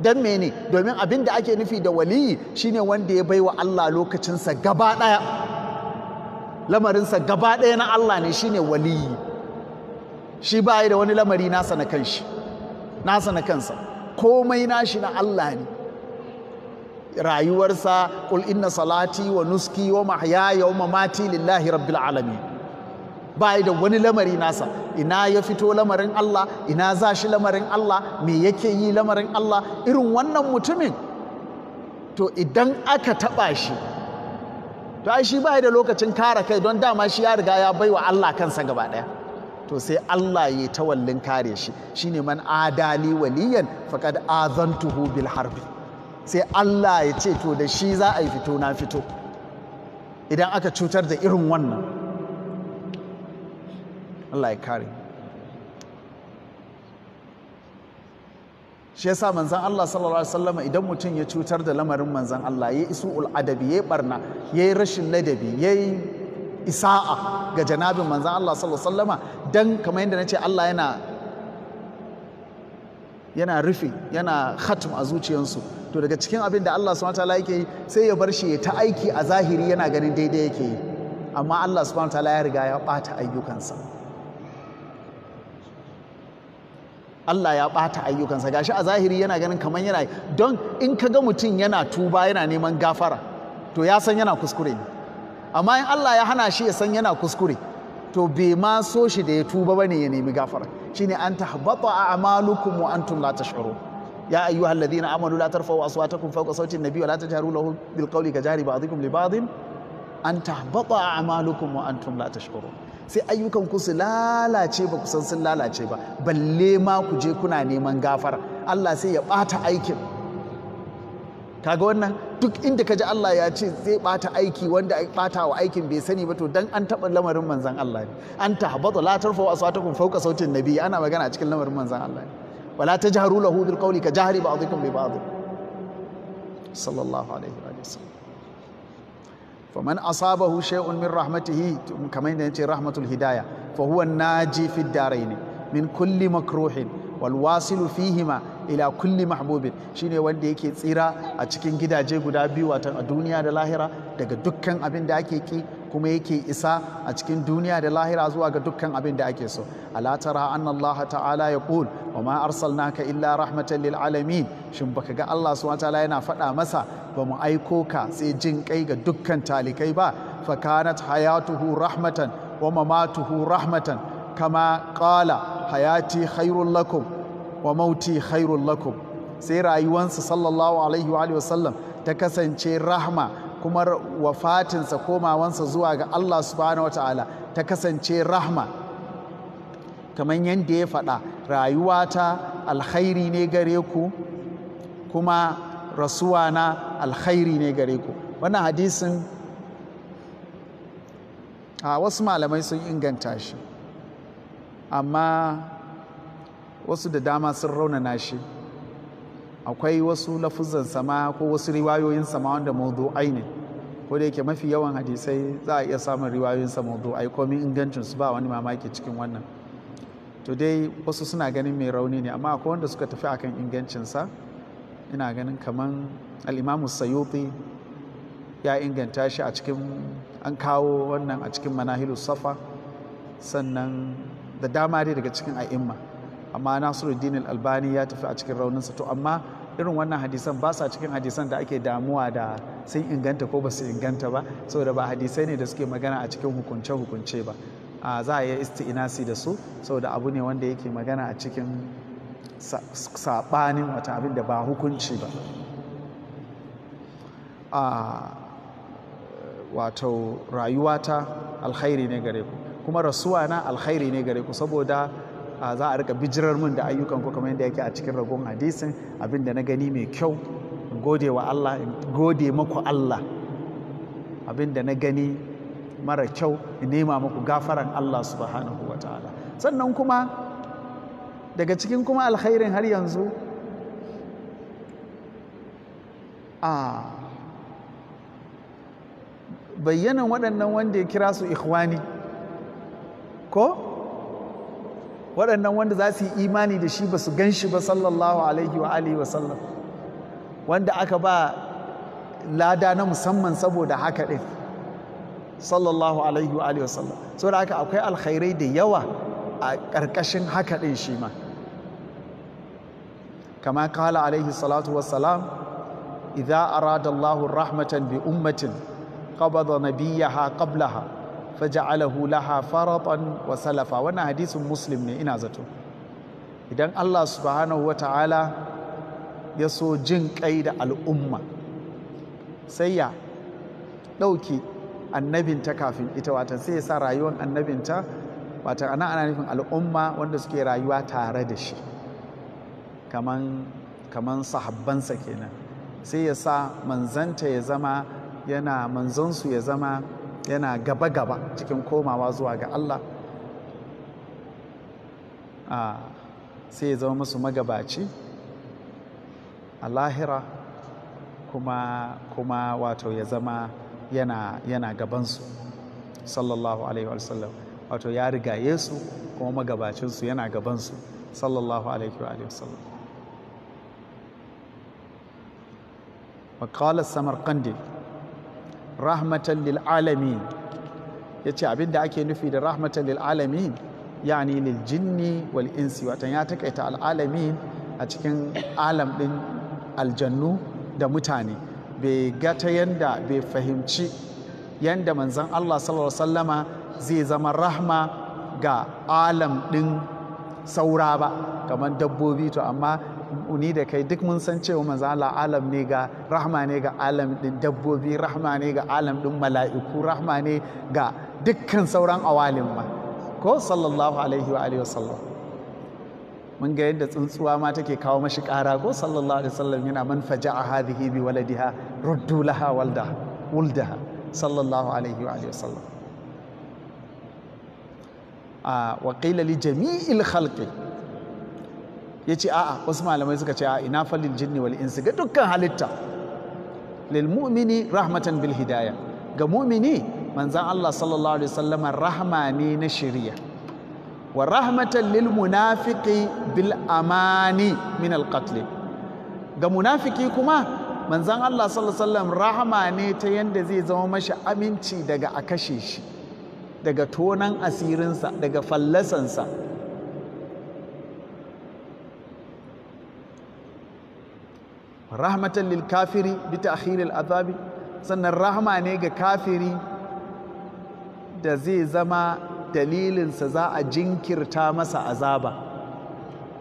don mene domin abin da ake nufi da waliyi shine wanda ya baiwa Allah lokacinsa gaba ɗaya lamarinsa gaba ɗaya na Allah ne shine waliyi shi ba da wani lamari nasa na kanshi nasa na kansa komai nashi na Allah ne rayuwarsa qul inna salati wa nuski wa mahyaya wa mamati lillahi rabbil alamin ba da wani lamari nasa ina ya fito lamarin Allah ina za shi lamarin Allah me yake yi lamarin Allah irin wannan mutumin to idan aka taɓa shi to ai shi ba da lokacin kare kai don dama shi ya riga ya baiwa Allah kansa gaba ɗaya to sai Allah ya tawallin kare shi shine man adali waliyan faqad azantuhu bil harbi sai Allah ya ce to da shi za a yi fito na fito idan aka cutar da irin wannan Allah ya kare shi yasa manzan Allah sallallahu alaihi wasallam idan mutum ya cutar da lamarin manzan Allah ya isu ul adabi ya barna ya rashin ladabi ya yi isa'a ga janabin manzan Allah sallallahu alaihi wasallam dan kamar yadda nace Allah yana yana rufe yana khatm a zuciyarsu to daga cikin abin da Allah subhanahu wataala yake yi sai ya bar shi ya ta aiki a zahiri yana ganin daidai yake yi amma Allah subhanahu wataala ya riga ya bata ayyukansa Allah ya ɓata ayyukansa gashi a zahiri yana ganin kamar yana don in ka ga mutum yana tuba yana neman gafara to ya san yana kuskure ne amma in Allah ya hana shi ya san yana kuskure to bai ma so shi da ya tuba bane ya nemi gafara shine an tahbata a'malukum wa antum la tash'uru ya ayyuhal ladina amanu la tarfa'u aswatakum fawqa sawti an-nabi wa la tajharu lahu bil qawli ka jari ba'dikum li ba'din an tahbata a'malukum wa antum la tash'uru sai ayyukan ku su lalace ba kusan sun lalace ba balle ma ku je kuna neman gafara Allah sai ya ɓata aikin kaga wannan duk inda ka ji Allah ya ce zai ɓata aiki wanda ai ɓata wa aikin bai sani ba to dan an taɓa lamarin manzon Allah ne an tahbata la tarfa aswatakum fawqa sautin nabi ana magana cikin lamarin manzon Allah ne wala tajharu lahu bil qawli ka jahri ba'dikum bi ba'd sallallahu alaihi wa sallam faman asabahu shay'un min rahmatihi kamar yadda yace rahmatul hidaya fa na naji fi darain min kulli makruhin wal wasilu fihima ila kulli mahbubin shine wanda yake tsira a cikin gidaje guda biyu watan a duniya da lahira daga dukkan abin da ake ki kuma yake isa a cikin duniya da lahira zuwa ga dukkan abin da ake so ala tara anna Allah ta'ala ya qul wa ma arsalnaka illa rahmatan lil alamin shin baka ga Allah subhanahu ta'ala yana faɗa masa ba mu aiko ka sai jin kai ga dukkan talikai ba fa kanat hayatuhu rahmatan wa mamatuhu rahmatan kama qala hayati khairul lakum wa mauti khairul lakum sai rayuwansa sallallahu alaihi wa wasallam ta kasance rahma kuma wafatinsa komawansa zuwa ga Allah subhanahu wataala ta kasance rahma kamar yadda ya faɗa rayuwata alkhairi ne gare ku kuma rasuwa na alkhairi ne gare ku wannan hadisin a wasu malamai sun inganta shi amma wasu da dama sun raunana shi akwai wasu lafuzan sama ko wasu riwayoyin sama wanda mawdu'ai ne ko da yake mafi yawan hadisai za a iya samun riwayoyin sa ai, komai ingancin su ba wani mamaki cikin wannan to dai wasu suna ganin mai rauni ne amma akwai wanda suka tafi akan ingancin sa ina ganin kaman al imamu Sayyuti ya inganta shi a cikin an kawo wannan a cikin manahilus safa sannan da dama dai daga cikin a'imma amma nasiruddin albani ya tafi a cikin rauninsa to amma irin wannan hadisan ba sa cikin hadisan da ake damuwa da sun inganta ko ba su inganta ba saboda ba hadisai ne da suke magana a cikin hukunce-hukunce ba za a yi isti'inasi da su saboda abu ne wanda yake magana a cikin saɓanin wata abin da ba hukunci ba wato rayuwata alkhairi ne gare ku kuma rasuwa na alkhairi ne gare ku saboda za a rika bijirar mun da ayyukan ko kamar yadda yake a cikin ragon hadisin abinda na gani mai kyau gode wa Allah gode maku Allah abinda na gani mara kyau in nema maku gafaran Allah subhanahu wa ta'ala sannan kuma daga cikin kuma alkhairin har yanzu a bayyanan waɗannan wanda ya kira su ikhwani ko waɗannan wanda za su yi imani da shi ba su gan shi ba sallallahu alaihi wa alihi wa sallam wanda aka ba lada na musamman saboda haka ɗin sallallahu alaihi wa alihi wa sallam saboda haka akwai alkhairai da yawa a ƙarƙashin haka ɗin shi ma kama kala alaihi salatu salam idza arada Allahu rahmatan bi ummatin qabada nabiyaha qablaha faja'alahu laha faratan wa salafa wannan hadisin muslim ne ina zato idan Allah subhanahu Ta'ala ya so jin kai da al'umma sai ya ɗauki annabinta kafin ita watan sai ya sa rayuwar annabinta watan ana ana nufin al'umma wanda suke rayuwa tare da shi kaman kaman sahabbansa kenan sai ya sa manzanta ya zama yana manzansu ya zama yana gaba-gaba cikin komawa zuwa ga Allah sai ya zama musu magabaci a lahira kuma kuma wato ya zama yana yana gabansu sallallahu alaihi wa sallam wato ya riga Yesu kuma magabacinsu yana gabansu sallallahu alaihi wa sallam wa samar samarqandi rahmatan lil ya yace abinda ake nufi da rahmatan lil ya yani lil jinni wal insi watan ya takaita al alami a cikin alam din aljannu da mutane bai gata yanda bai fahimci yanda manzon Allah sallallahu alaihi wasallama zai zama rahma ga alam din saura ba kamar dabbobi to amma ni da kai duk mun san cewa manzo Allah alam ne ga rahma ne ga alam din dabbobi rahma ne ga alam din mala'iku rahma ne ga dukkan sauran awalin ma ko sallallahu alaihi wa alihi wasallam mun ga yadda tsuntsuwa ma take kawo mashi kara ko sallallahu alaihi wasallam yana man faja'a hadhihi bi waladiha ruddu laha walda wuldaha sallallahu alaihi wa alihi wasallam ah, wa qila li jami'il khalqi ya ce a'a wasu malamai suka ce a ina falin jinni wal insi ga dukkan halitta lil mu'mini rahmatan bil hidaya ga mu'mini manzan Allah sallallahu alaihi wasallama rahma ne na shari'a wa rahmatan lil munafiqi bil amani min al qatl ga munafiki kuma manzan Allah sallallahu alaihi wasallam rahma ne ta yanda zai zama mashi aminci daga a kashe shi daga tonan asirinsa daga fallasansa rahmatan lil kafiri bi ta'khiril azabi sannan rahma ne ga kafiri da zai zama dalilinsa za a jinkirta masa azaba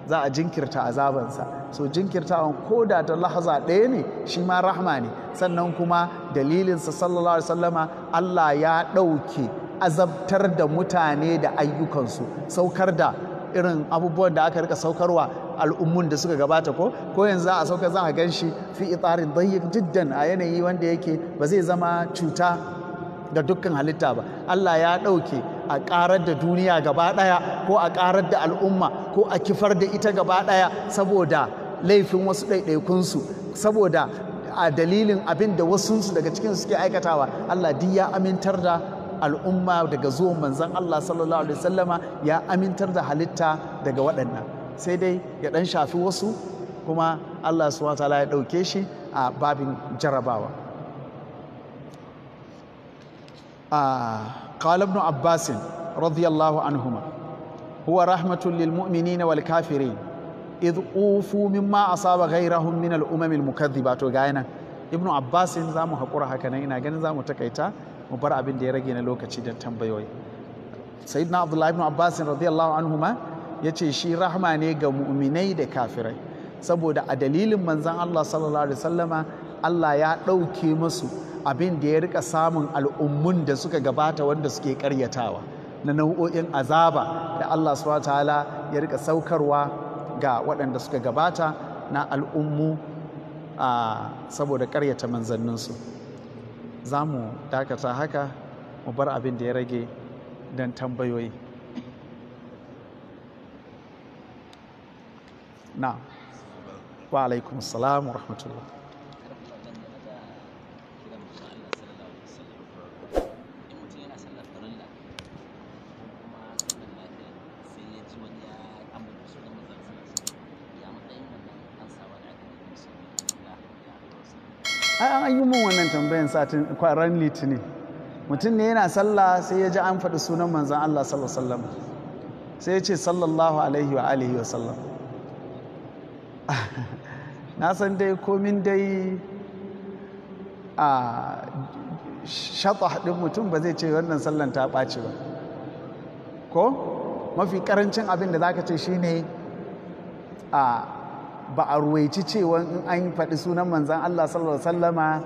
za a jinkirta azabansa so an koda da ta lahaza ɗaya ne shi ma rahma ne sannan kuma dalilinsa sallallahu alaihi wasallama Allah ya ɗauke azabtar da mutane da ayyukansu saukar da irin abubuwan da aka rika saukarwa al'ummun da suka gabata ko ko yanzu za a sauka za a gan shi fi itsarin dayyik jiddan a yanayi wanda yake ba zai zama cuta da dukkan halitta ba Allah ya ɗauke a ƙarar da duniya gaba ɗaya ko a ƙarar da al'umma ko a kifar da ita gaba ɗaya saboda laifin wasu ɗaiɗaikunsu saboda a dalilin abin da wasunsu daga cikin suke aikatawa Allah duk ya amintar da al'umma daga zuwan manzon Allah sallallahu alaihi wasallama ya amintar da halitta daga waɗannan sai dai ya dan shafi wasu kuma Allah su wata ya ɗauke shi a babin jarabawa. A ƙalibnu Abbasin, radiyallahu anhuma, huwa rahmatun lilmu'mini na walkafiri, idh ƙufu min ma a saba gairahun min al’umamin mukaddi ba to gaya nan. Ibnu Abbasin za mu haƙura haka nan ina ganin za mu takaita mu bar abin da ya rage na lokaci da tambayoyi. Sayyidina Abdullahi Ibn Abbasin radiyallahu anhuma ma ya ce shi rahma ne ga mu'minai da kafirai saboda a dalilin manzan Allah sallallahu alaihi wasallama Allah ya ɗauke musu abin da ya rika samun al'ummun da suka gabata wanda suke karyatawa na nau'o'in azaba da Allah ta'ala ya rika saukarwa ga waɗanda suka gabata na al'ummu saboda karyata manzanninsu za mu dakata haka mu bar abin da ya rage don tambayoyi na wa alaikum salam wa rahmatullah an yi min wannan tambayan satin kwaran litinin mutum ne yana sallah sai ya ji an faɗi sunan manzan Allah sallallahu alaihi wasallam sai ya ce sallallahu alaihi wa alihi wa sallam <laughs> na san dai komin dai a shafa haɗin mutum ba zai ce wannan sallan ta ɓaci ba ko mafi ƙarancin abin da za ka ce shine a ba a ruwaici cewa in an faɗi sunan manzan Allah sallallahu alaihi Sallama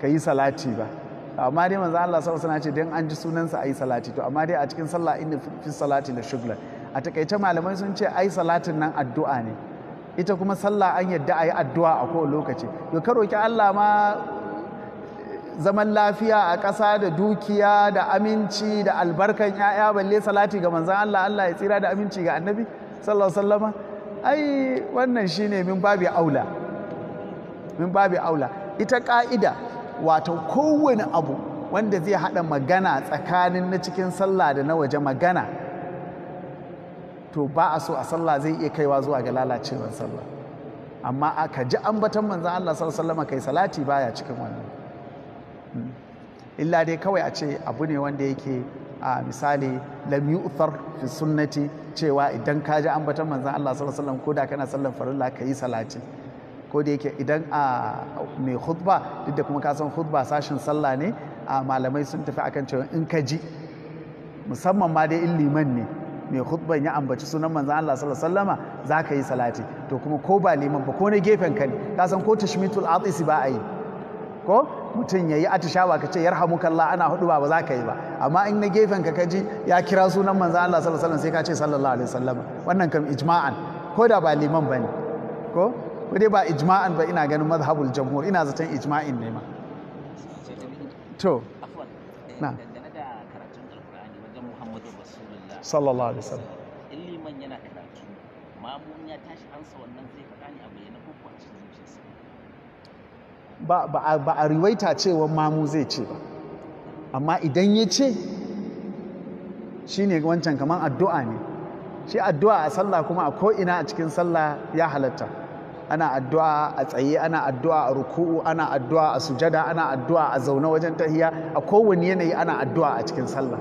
ka yi salati ba amma dai manzan Allah sallallahu alaihi ce don an ji sunansa a yi salati to amma dai a cikin sallah inda fi salati da shugla a takaice malamai sun ce ai salatin nan addu'a ne ita kuma sallah an yadda a yi addu'a a kowane lokaci to ka roki Allah ma zaman lafiya a ƙasa da dukiya da aminci da albarkan 'ya'ya balle salati ga manzan Allah Allah ya tsira da aminci ga annabi sallallahu sallama ai wannan shine min babi aula min babi aula ita ƙa'ida wato kowane abu wanda zai haɗa magana tsakanin na cikin sallah da na waje magana to ba a so a sallah zai iya kaiwa zuwa ga lalacewar sallah amma aka ji ambatan manzan Allah sallallahu kai salati baya cikin wannan hmm. illa dai kawai a ce abu ne wanda yake a misali lam yu'thar fi sunnati cewa idan ka ji ambatan manzan Allah sallallahu ko da kana sallan farilla ka yi salati ko da yake idan a mai khutba duk da kuma ka san khutba sashin sallah ne a malamai sun tafi akan cewa in ka ji musamman ma dai in liman ne mai khutban ya ambaci sunan manzan Allah sallallahu alaihi wasallama zaka yi salati to kuma ko ba liman ba ko na gefen ka ne ka san ko tashmitul atisi ba a yi ko mutum yayi atishawa ka ce yarhamukallah ana hudu ba ba za ka yi ba amma in na gefen ka kaji ya kira sunan manzan Allah sallallahu alaihi wasallam sai ka ce sallallahu alaihi wasallama wannan kam ijma'an ko da ba liman ne ko ko dai ba ijma'an ba ina ganin mazhabul jamhur ina zaton ijma'in ne ma to na eh, sallallahu alaihi wasallam ba a riwaita cewa mamu zai ce ba amma idan ya ce shi ne wancan kamar addu'a ne shi addu'a a sallah kuma a ko'ina a cikin sallah ya halatta ana addu'a a tsaye ana addu'a a ruku'u ana addu'a a sujada ana addu'a a zaune wajen tahiya a kowane yanayi ana addu'a a cikin sallah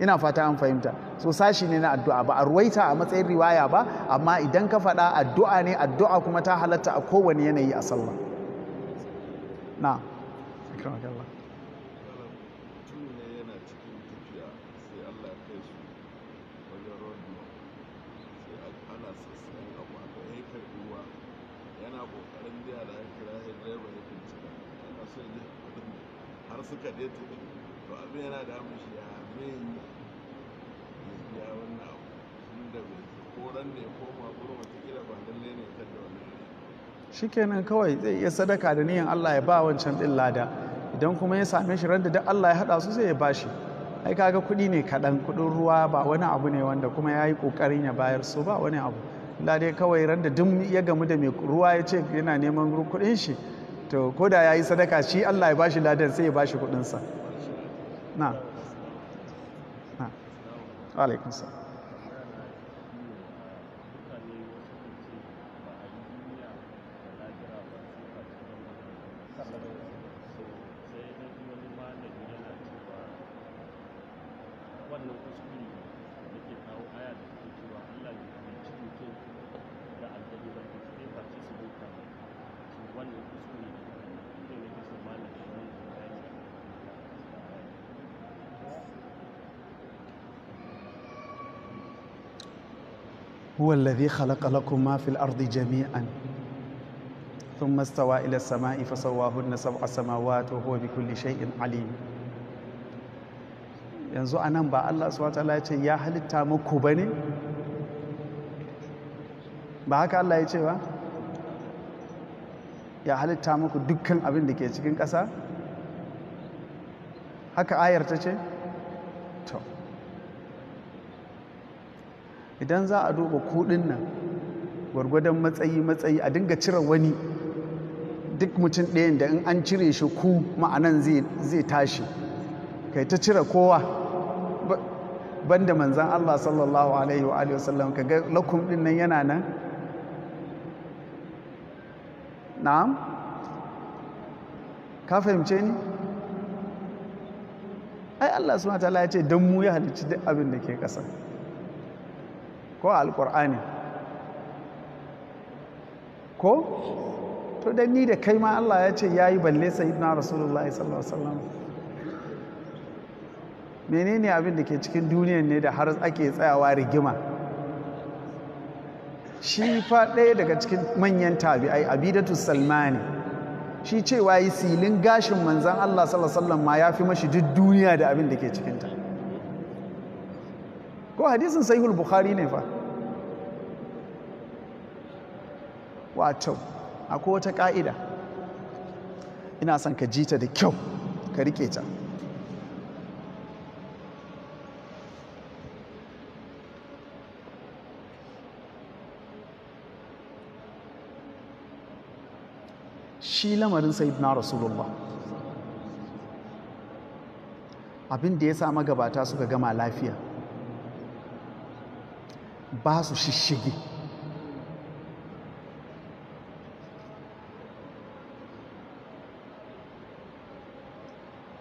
ina fata an fahimta so sashi ne na addu'a ba a ruwaita a matsayin riwaya ba amma idan ka faɗa addu'a ne addu'a kuma ta halatta a kowane yanayi a sallah na shikenan kawai zai iya sadaka da niyan Allah ya ba wancan din lada idan kuma ya same shi randa da Allah ya hada su sai ya bashi ai kaga kuɗi ne kaɗan kuɗin ruwa ba wani abu ne wanda kuma ya yi ƙoƙarin ya bayar su ba wani abu dai kawai randa duk ya gamu da mai ruwa ya ce yana neman kuɗin shi to ko da ya yi sadaka shi Allah ya bashi ladan sai ya bashi kuɗinsa na na alaikum salam huwa alladhi khalaqa lakum ma fil ardi jami'an thumma istawa samai fasawwahunna sab'a samawati wa huwa bikulli shay'in anan ba Allah ya ce ya halitta muku bane ba haka Allah ya ce ba ya halitta muku dukkan abin da ke cikin ƙasa haka ayar ce idan za a duba kuɗin nan gwargwadon matsayi matsayi a dinga cire wani duk mutum ɗayan da in an cire shi ku ma'anan zai tashi kai ta cire kowa banda manzan Allah sallallahu alaihi wa alihi wasallam ka ga lakum din nan yana nan na'am ka fahimce ni ai Allah subhanahu wa ta'ala ya ce dan mu ya halicci duk abin da ke ƙasa ko Alƙur'ani ko to dan ni da kai ma Allah ya ce ya yi balle sayidina rasulullah sallallahu alaihi wasallam menene abin da ke cikin duniyan ne da har ake tsayawa rigima shi fa ɗaya daga cikin manyan tabi'ai abidatu salmani shi cewa yi silin gashin manzan Allah sallallahu alaihi wasallam ma fi mashi duk duniya da abin da ke cikinta ko hadisin sahihul bukhari ne fa wato akwai wata ka'ida ina son ka ji ta da kyau ka rike ta shi lamarin na rasulullah abin da ya sa magabata suka gama lafiya ba su shishigi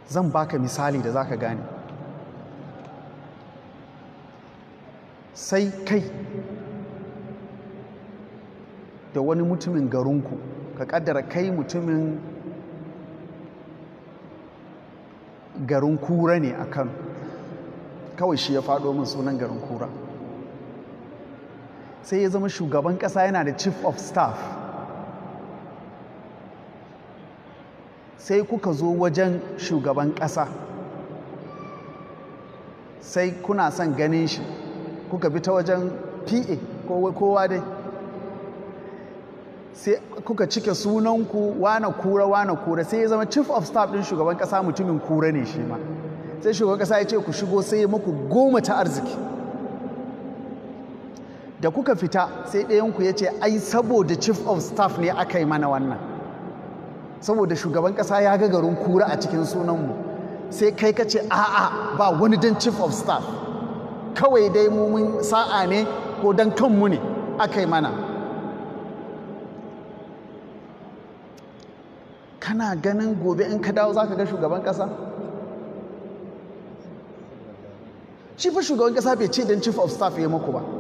zan baka misali da zaka gane sai kai da wani mutumin garinku ka kaddara kai mutumin garin kura ne a kan kawai shi ya faɗo min sunan garin kura sai ya zama shugaban kasa yana da chief of staff sai kuka zo wajen shugaban kasa sai kuna son ganin shi kuka bi ta wajen pa kowa dai sai kuka cike sunanku wane kura wane kura sai ya zama chief of staff ɗin shugaban kasa mutumin kura ne shi ma sai shugaban kasa ya ce ku shigo sai ya muku goma ta arziki da kuka fita sai ɗayanku ya ce ai saboda chief of staff ne aka yi mana wannan saboda shugaban ƙasa ya ga garin kura a cikin sunanmu sai kai ka ce a'a ba wani don chief of staff kawai dai mu mun sa'a ne ko don kanmu ne aka yi mana kana ganin gobe in ka dawo za ka ga shugaban ƙasa shi fa shugaban ƙasa bai ce don chief of staff ya muku ba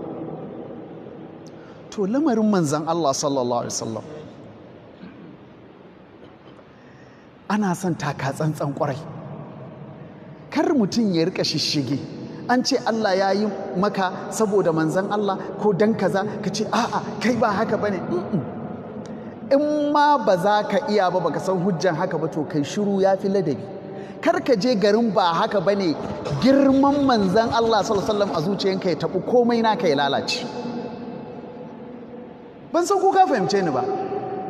to lamarin manzan Allah sallallahu alaihi wasallam ana son taka tsantsan kwarai kar mutum ya rika shishige an ce Allah ya yi maka saboda manzan Allah ko dan kaza ka ce a'a kai ba haka ba ne in ma ba za ka iya ba baka san hujjan haka ba to kai shiru ya fi ladabi kar ka je garin ba haka ba ne, girman manzan Allah sallallahu alaihi wasallam a zuciyanka ya tabu komai na ka ya lalace ban san ko ka fahimce ni ba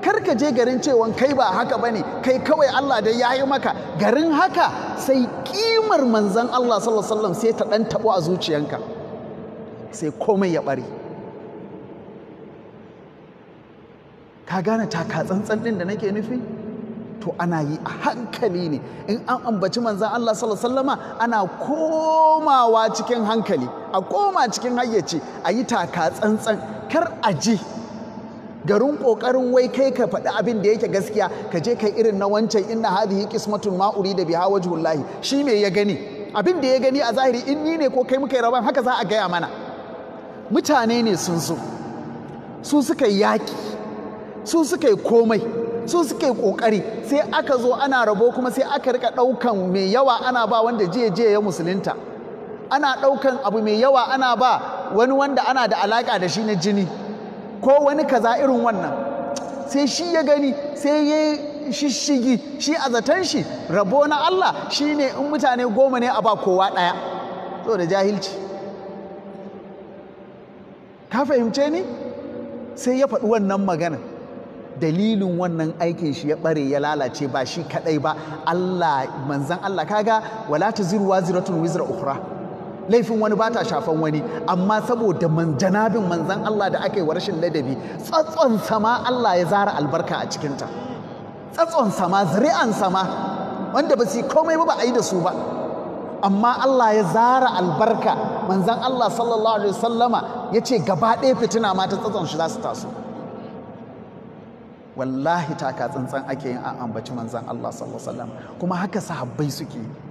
kar ka je garin cewan kai ba haka ba ne kai kawai Allah dai ya yi maka garin haka sai kimar manzan Allah sallallahu sai ta ɗan tabo a zuciyanka sai komai ya ɓare ka gane taka tsantsan ɗin da nake nufi to ana yi a hankali ne in an ambaci manzan Allah sallallahu ana komawa cikin hankali a koma cikin hayyaci a yi taka tsantsan kar a ji garin kokarin wai kai ka faɗi abin da yake gaskiya ka je kai irin na wancan inna hadhihi qismatun ma urida biha wajhullahi shi me ya gani abin da ya gani a zahiri in ni ne ko kai muka yi rabon haka za a gaya mana mutane ne sun so su suka yi yaƙi su suka yi komai su suka yi ƙoƙari sai aka zo ana rabo kuma sai aka rika ɗaukan mai yawa ana ba wanda jiya jiya ya musulunta ana ɗaukan abu mai yawa ana ba wani wanda ana da alaƙa da shi na jini ko wani kaza irin wannan sai shi ya gani sai ya shishigi shi a zaton shi rabo na Allah shi ne in mutane goma ne a ba kowa ɗaya da jahilci ka fahimce ni sai ya faɗi wannan magana dalilin wannan aikin shi ya ɓare, ya lalace ba shi kaɗai ba Allah manzan Allah kaga wala zirwa ziratun wizra ukhra laifin wani ba ta shafan wani amma saboda janabin manzan Allah da aka yi wa rashin ladabi tsatson sama Allah ya zara albarka a cikinta tsatson sama zuri'an sama wanda ba su komai ba ba a yi da su ba amma Allah ya zara albarka manzan Allah sallallahu alaihi wasallama ya ce gaba ɗaya fitina ma ta tsatson shi za su taso wallahi taka tsantsan ake yin an ambaci manzan Allah sallallahu alaihi wasallam kuma haka sahabbai suke yi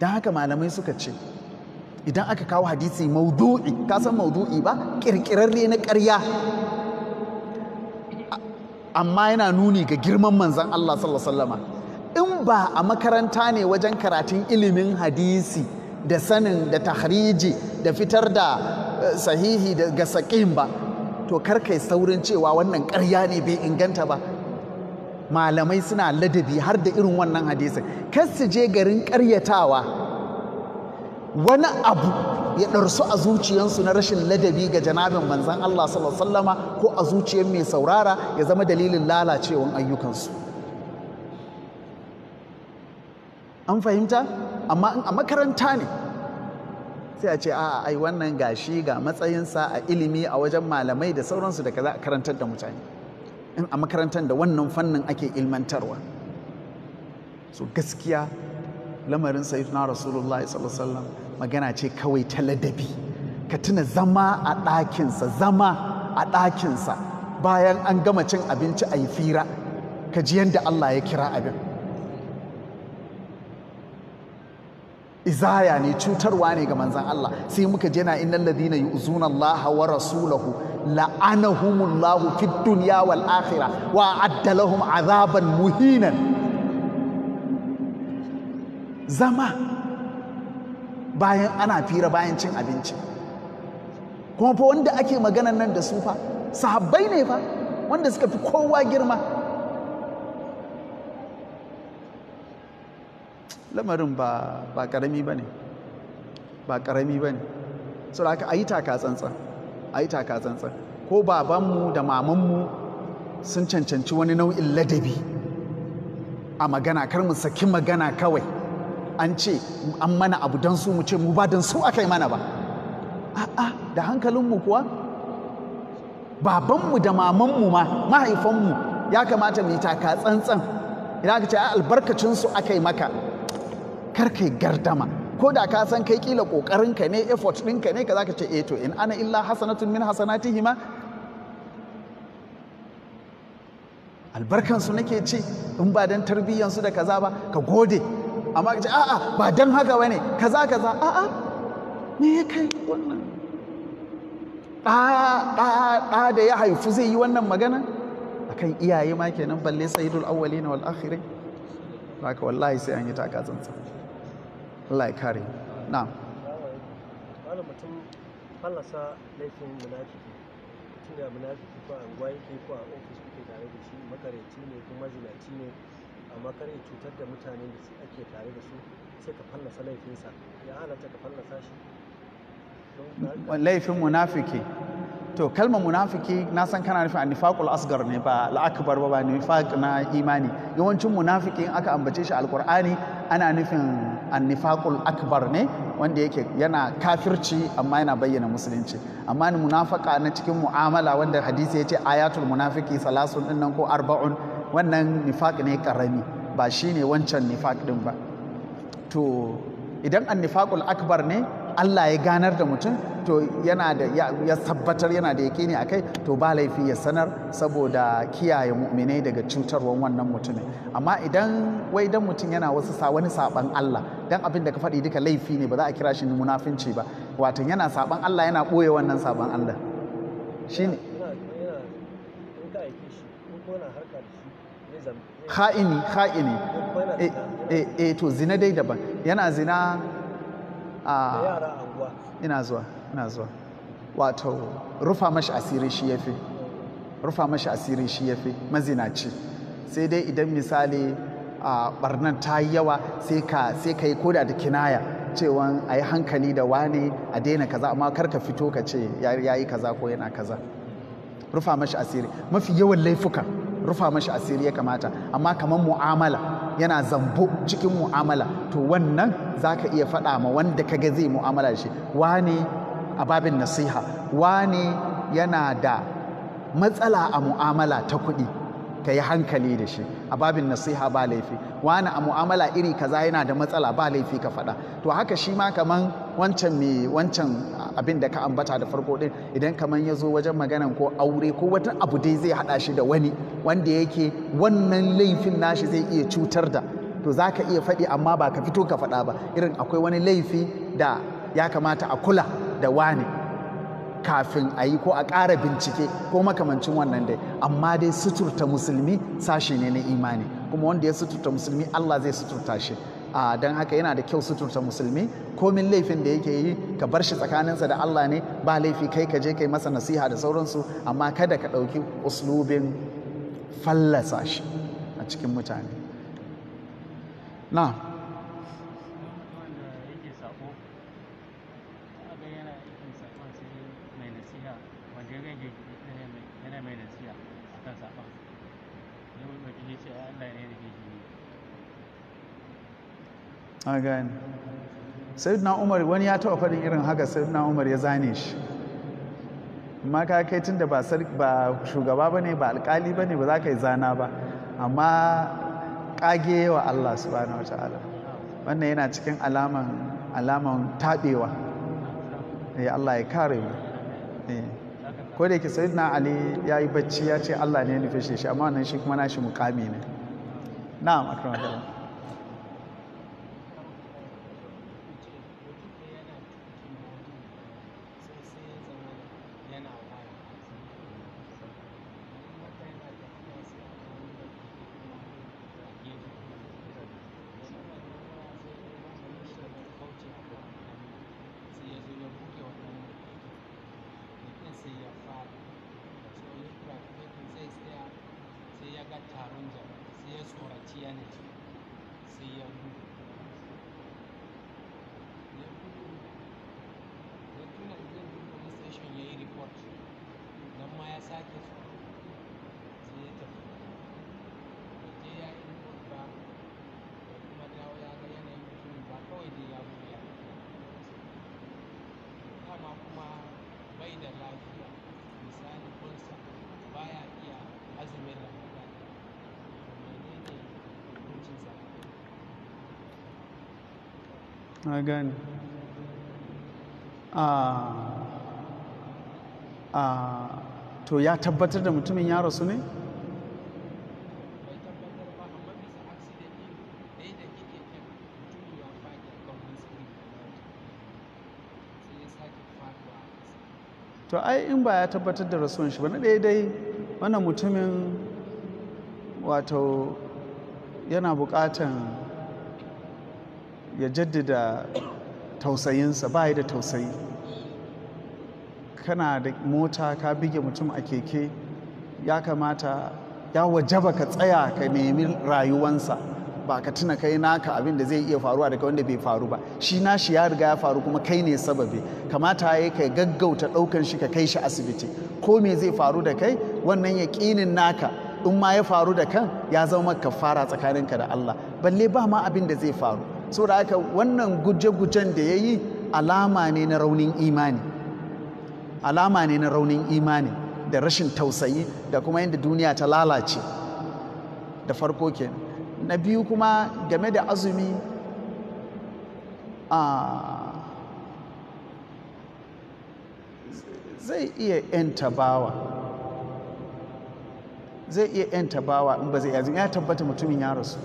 don haka malamai suka ce idan aka kawo hadisi maudu'i kasan maudu'i ba kirkirarre na ƙarya amma yana nuni ga girman manzan Allah sallallahu in ba a makaranta ne wajen karatun ilimin hadisi da sanin da tahriji da fitar da eh, sahihi da gasaƙin ba to karkai saurin cewa wannan ƙarya ne bai inganta ba malamai suna ladabi har da irin wannan hadisin kar su je garin karyatawa wani abu ya ɗarsu a zuciyarsu na rashin ladabi ga janabin manzan Allah sallama ko a zuciyar mai saurara ya zama dalilin lalacewan ayyukansu an fahimta amma in a makaranta ne sai a ce a ai wannan gashi ga matsayinsa a ilimi a wajen malamai da sauransu da kaza a karantar da mutane in a makarantar da wannan fannin ake ilmantarwa so gaskiya lamarin sayyidina rasulullahi sallallahu alaihi wasallam magana ce kawai ta ladabi ka tuna zama a ɗakinsa zama a ɗakinsa bayan an gama cin abinci a yi fira ka ji yadda Allah ya kira abin izaya ne cutarwa ne ga manzan Allah sai muka je na innal ladina yu'zuna Allah wa rasulahu la'anahumullahu fid dunya wal akhirah wa adda lahum azaban muhinan zama bayan ana fira bayan cin abinci kuma fa wanda ake maganan nan da su fa sahabbai ne fa wanda suka fi kowa girma lamarin ba karami ba ne ba karami ba saboda aka ayi taka tsantsan a yi taka tsantsan ko babanmu da mamanmu sun cancanci wani nau'in ladabi a magana kar mu saki magana kawai an ce an mana abu don su mu ce mu ba don su aka yi mana ba a'a da hankalinmu kuwa babanmu da mamanmu ma mahaifanmu ya kamata mu yi taka tsantsan idan aka ce albarkacinsu aka yi maka kar yi gardama ko da ka san kai kila kokarin ka ne effort ka ne ka zaka ce eh to in ana illa hasanatun min albarkan albarkansu nake ci in ba dan su da kaza ba ka gode amma ka ce a'a ba dan haka bane kaza kaza a'a me ya kai wannan ɗa da ya haifu zai yi wannan magana akan iyaye ma kenan balle sayyidul awwalin wal akhirin haka wallahi sai an yi taka tsantsan Allah ya kare na wani mutum fallasa laifin munafiki mutum da munafiki ko a unguwa yake ko a ofis kuke tare da shi makareci ne kuma zinaci ne amma kare cutar da mutanen da ake tare da su sai ka fallasa laifinsa ya halatta ka fallasa shi laifin munafiki to kalmar munafiki na san kana nufin annifaqul asgar ne ba la'akbar ba ba nifaq na imani yawancin munafiki in aka ambace shi alqur'ani ana nufin annifaqul akbar ne wanda yake yana kafirci amma yana bayyana musulunci amma ni munafaka na cikin mu'amala wanda hadisi ya ce ayatul munafiki salasun dinnan ko arba'un wannan nifaq ne karami ba shine wancan nifaq din ba to idan annifaqul akbar ne Allah ya ganar da mutum to yana da ya tabbatar yana da ne a kai to ba laifi ya sanar saboda kiyaye mu'mine daga cutarwan wannan mutumin amma idan wai dan mutum yana wasu sa wani saban Allah dan abin da ka faɗi duka laifi ne ba za a kira shi munafinci ba wato yana saban Allah yana ɓoye wannan saban Allah shine ha'ini ha'ini eh, eh to zina dai daban yana zina Ah. a ina zuwa ina zuwa wato rufa mashi asiri shi yafi rufa mashi asiri shi yafi mazinaci sai dai idan misali a barnan ta yi yawa sai ka sai ka yi koda da kinaya cewa a yi hankali da wani a daina kaza amma kar ka fito ka ce ya yi kaza ko yana kaza rufa mashi asiri mafi yawan laifuka rufa mashi asiri ya kamata amma kamar mu'amala yana zambo cikin mu'amala to wannan za ka iya faɗa ma wanda ka ga zai mu'amala shi Wani, a babin nasiha wani yana da matsala a mu'amala ta kuɗi ka yi hankali da shi a babin nasiha ba laifi wani a mu'amala iri kaza yana da matsala ba laifi ka faɗa to haka shi ma kaman wancan mai wancan abin da ka ambata da farko din idan kaman ya zo wajen maganan ko aure ko wata abu dai zai haɗa shi da wani wanda yake wannan laifin nashi zai iya cutar da to za ka iya faɗi amma ba ka fito ka faɗa ba irin akwai wani laifi da ya kamata a kula da wani kafin a yi ko a ƙara bincike ko makamancin wannan dai amma dai suturta musulmi sashi ne na imani kuma wanda ya suturta musulmi Allah zai suturta shi a don haka yana da kyau suturta musulmi komin laifin da yake yi ka bar shi tsakaninsa da Allah ne ba laifi kai ka je kai masa nasiha da sauransu amma kada ka ɗauki uslubin fallasa shi a cikin mutane a gani sayyidina umar wani ya taɓa faɗin irin haka sayyidina umar ya zane shi amma ka kai tun da ba shugaba ba ne ba alkali ba ne ba za ka yi zana ba amma kage wa Allah subhanahu wa ta'ala wannan yana cikin alaman alaman taɓewa ya eh, Allah ya kare mu eh. ko da yake sayyidina ali ya yi bacci ya ce Allah ne ya nufe shi amma wannan shi kuma nashi mukami ne na'am akramatullah na gane a ah, a ah, to ya tabbatar da mutumin ya rasu ne to ai in ba ya tabbatar da rasuwan shi ba na ɗaya dai wannan mutumin wato yana buƙatan ya jaddada tausayinsa ba da tausayi kana da mota ka bige mutum a keke ya kamata ya wajaba ka tsaya ka nemi rayuwansa ba ka tuna kai naka abin da zai iya faruwa daga wanda bai faru ba shi na shi ya riga ya faru kuma kai ne sababi kamata ya kai gaggauta ɗaukan shi ka kai shi asibiti ko me zai faru da kai wannan ya yaƙinin naka in ma ya faru da kan ya zama fara tsakaninka da Allah balle ba ma abin da zai faru saboda aka wannan guje-gujen da ya yi alama ne na raunin imani alama ne na raunin imani da rashin tausayi da kuma yadda duniya ta lalace da farko kenan na biyu kuma game da azumi a zai iya 'yan tabawa zai iya 'yan tabawa in ba zai ya tabbata mutumin ya rasu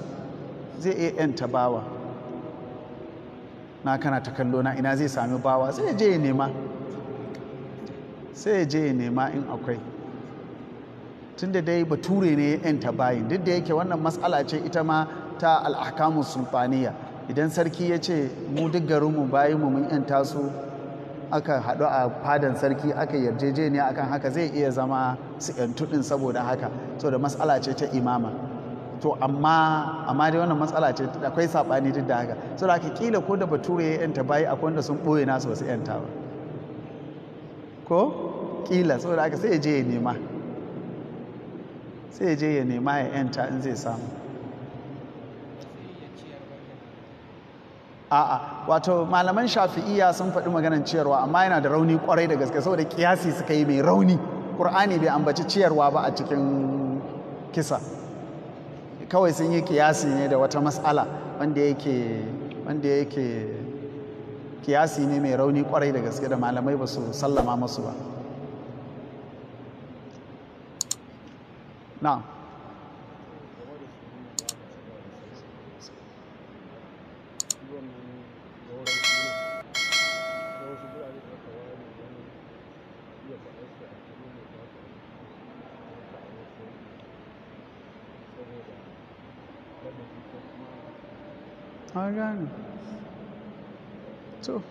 zai iya 'yan tabawa na kana ta kallo na ina zai sami bawa sai je ya nema sai je ya nema in akwai tun da dai bature ne ya yanta bayin duk da yake wannan matsala ce ita ma ta al'akamun sulfaniya idan sarki ya ce mu duk garinmu bayi mu mun yanta su aka haɗu a fadan sarki aka yarjejeniya akan haka zai iya zama su yantu ɗin saboda haka da matsala ce ta imama to amma amma dai wannan matsala ce akwai saɓani duk da haka so da kila ko da bature ya yanta bayi akwai wanda sun ɓoye nasu wasu yanta ba ko kila so da aka sai ya je ya nema sai ya je ya nema ya yanta in zai samu a'a wato malaman shafi'iya sun faɗi maganan ciyarwa amma yana da rauni kwarai da gaske saboda kiyasi suka yi mai rauni ƙur'ani bai ambaci ciyarwa ba a cikin kisa kawai sun yi kiyasi ne da wata matsala wanda yake kiyasi ne mai rauni kwarai da gaske da malamai ba su sallama masu ba no. an gane to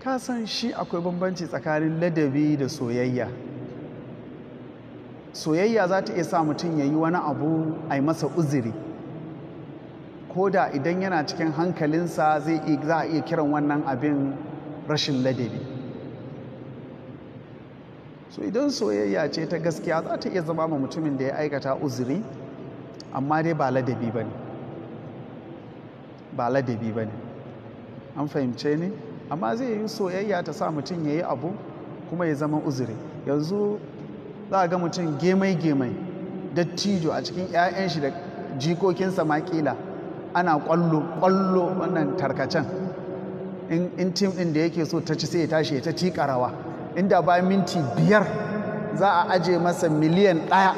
kasan shi akwai bambanci tsakanin ladabi da soyayya soyayya za ta iya sa mutum ya yi wani abu a masa uzuri ko da idan yana cikin hankalinsa za a iya kiran wannan abin rashin ladabi so idan soyayya ce ta gaskiya za ta iya zama ma mutumin da ya aikata uzuri amma dai ba ladabi ba ne ba ladabi ba ne an fahimce ni amma zai yi soyayya ta sa mutum ya yi abu kuma ya zama uzuri yanzu za a ga mutum gemai-gemai dattijo a cikin 'ya'yan shi da jikokinsa makila ana kwallo-kwallo wannan tarkacen in tim din da yake so ta ci sai ya tashi ya ta ci karawa inda ba minti biyar za a aje masa miliyan ɗaya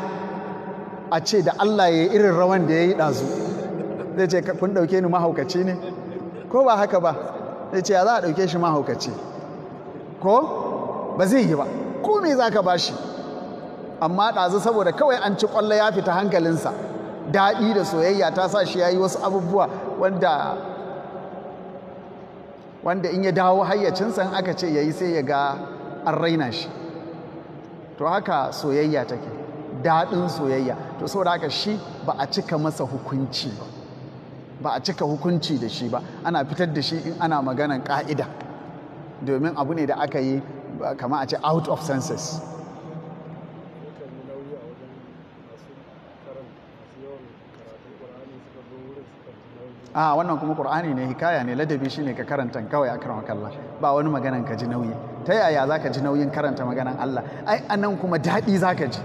a ce da allah ya yi irin rawan da ya yi ɗazu zai ce kun ɗauke ni mahaukaci ne ko ba haka ba zai ce ya za a ɗauke shi mahaukaci ko ba zai yi ba ko me za ka ba shi amma ɗazu saboda kawai an ci ƙwallo ya fita hankalinsa daɗi da soyayya ta sa shi ya yi wasu abubuwa wanda wanda in ya dawo hayyacinsa in aka ce ya yi sai ya ga an raina shi to haka soyayya take daɗin soyayya to saboda haka shi ba a cika masa hukunci ba ba a cika hukunci da shi ba ana fitar da shi in ana maganan ka'ida domin abu ne da aka yi kama a ce out of senses a wannan kuma ƙur'ani ne hikaya ne ladabi shine ka karanta kawai a karanta kalla ba wani maganan ka ji nauyi ta yaya za ka ji nauyin karanta maganan allah ai anan kuma daɗi za ka ji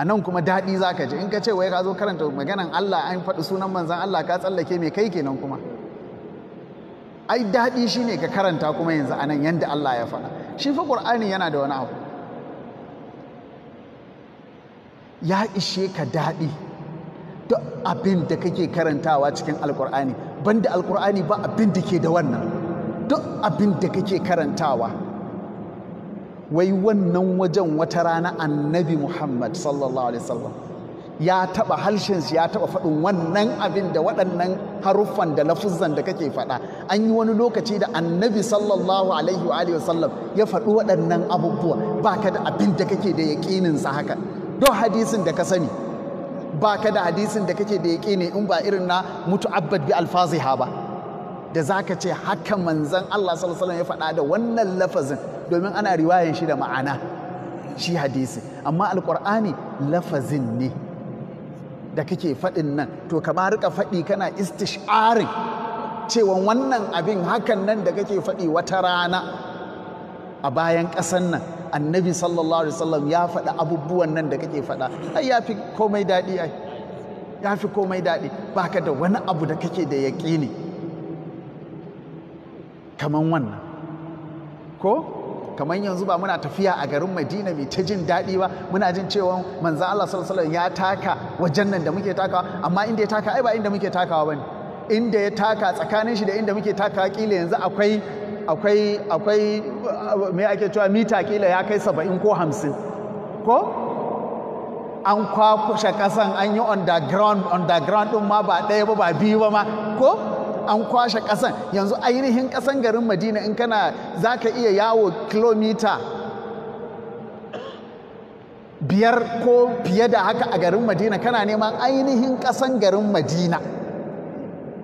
a nan kuma daɗi za ka ji in ka ce wai ka zo karanta maganan Allah an faɗi sunan manzan Allah ka tsallake mai kai kenan kuma ai daɗi shi ne ka karanta kuma yanzu a nan yadda Allah ya faɗa shi fa ƙur'ani yana da wani abu ya ishe ka daɗi duk abin da kake karantawa cikin alkur'ani banda Alƙur'ani ba abin da ke da wannan duk abin da kake karantawa wai wannan wajen wata rana annabi muhammad sallallahu alaihi wasallam ya taba harshensu ya taba faɗin wannan abin da waɗannan haruffan da lafuzan da kake faɗa an yi wani lokaci da annabi sallallahu alaihi wa sallam ya faɗi waɗannan abubuwa ka da abin da kake da yaƙinin sa haka don hadisin da ka sani ka da hadisin da kake da yaƙini in ba irin na mutu abbad bi alfaziha ba da za ka ce haka manzan Allah sallallahu ya faɗa da wannan lafazin domin ana riwayan shi da ma'ana shi hadisi amma alƙur'ani lafazin ne da kake faɗin nan to kama rika faɗi kana istisharin cewa wannan abin hakan nan da kake faɗi wata rana a bayan ƙasan nan annabi sallallahu alaihi wasallam ya faɗa abubuwan nan da kake faɗa ai ya fi komai daɗi ai ya fi komai daɗi baka da wani abu da kake da yaƙini kaman wannan ko kamar yanzu ba muna tafiya a garin madina mai ta jin daɗi ba muna jin cewa manzan Allah sallallahu ya taka wajen nan da muke takawa amma inda ya taka ai ba inda muke takawa ba ne inda ya taka tsakanin shi da inda muke takawa kila yanzu akwai akwai akwai me ake cewa mita kila ya kai saba'in ko hamsin ko an kwakusha kasan an yi underground underground ɗin ma ba ɗaya ba ba biyu ba ma ko an kwashe kasan yanzu ainihin kasan garin madina in kana za ka iya yawo kilomita biyar ko fiye da haka a garin madina kana neman ainihin kasan garin madina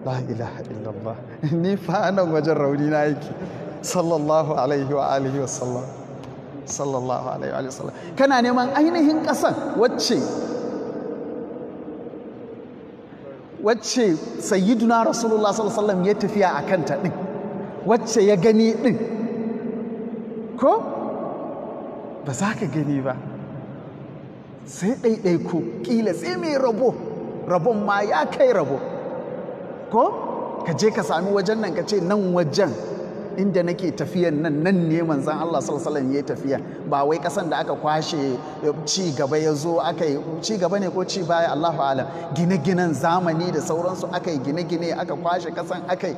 la ilaha illallah <laughs> ni fa'anan wajen rauni na yake sallallahu alaihi wa alihi wa sallallahu alaihi wa sallam kana neman ainihin ƙasan wacce wacce sayyiduna rasulullah sallallahu alaihi ya tafiya a kanta din wacce ya gani din ko ba za ka gani ba sai ɗaiɗaiko ƙila sai mai rabo rabon ma ya kai rabo ko ka je ka sami wajen nan ka ce nan wajen inda nake tafiyan nan nan ne manzan Allah sallallahu ya tafiya ba wai kasan da aka kwashe eh, ci gaba ya zo aka ci gaba ne ko ci baya Allahu alam gine-ginen zamani da sauransu aka yi gine-gine aka kwashe kasan aka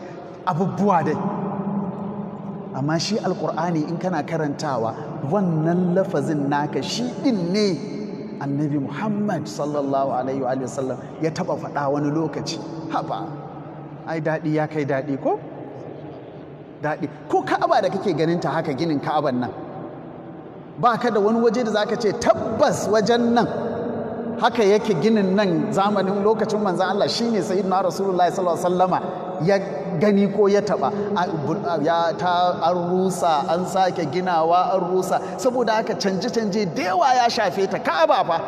abubuwa dai amma shi alkur'ani in kana karantawa wannan lafazin naka shi din ne annabi muhammad sallallahu alaihi wa sallam ya taba faɗa wani lokaci haba ai daɗi ya kai daɗi ko daɗi ko ka'aba da kake ganin ta haka ginin ka'aban nan ba ka da wani waje da zaka ce tabbas wajen nan haka yake ginin nan zamanin lokacin manzan Allah shi shine sayyidina rasulullahi sallallahu alaihi ya gani ko ya taba ya ta an rusa an sake ginawa an rusa saboda haka canje canje da ya shafe ta ka'aba fa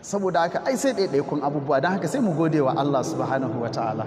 saboda haka ai sai ɗaiɗaikun abubuwa don haka sai mu gode wa Allah subhanahu wa ta'ala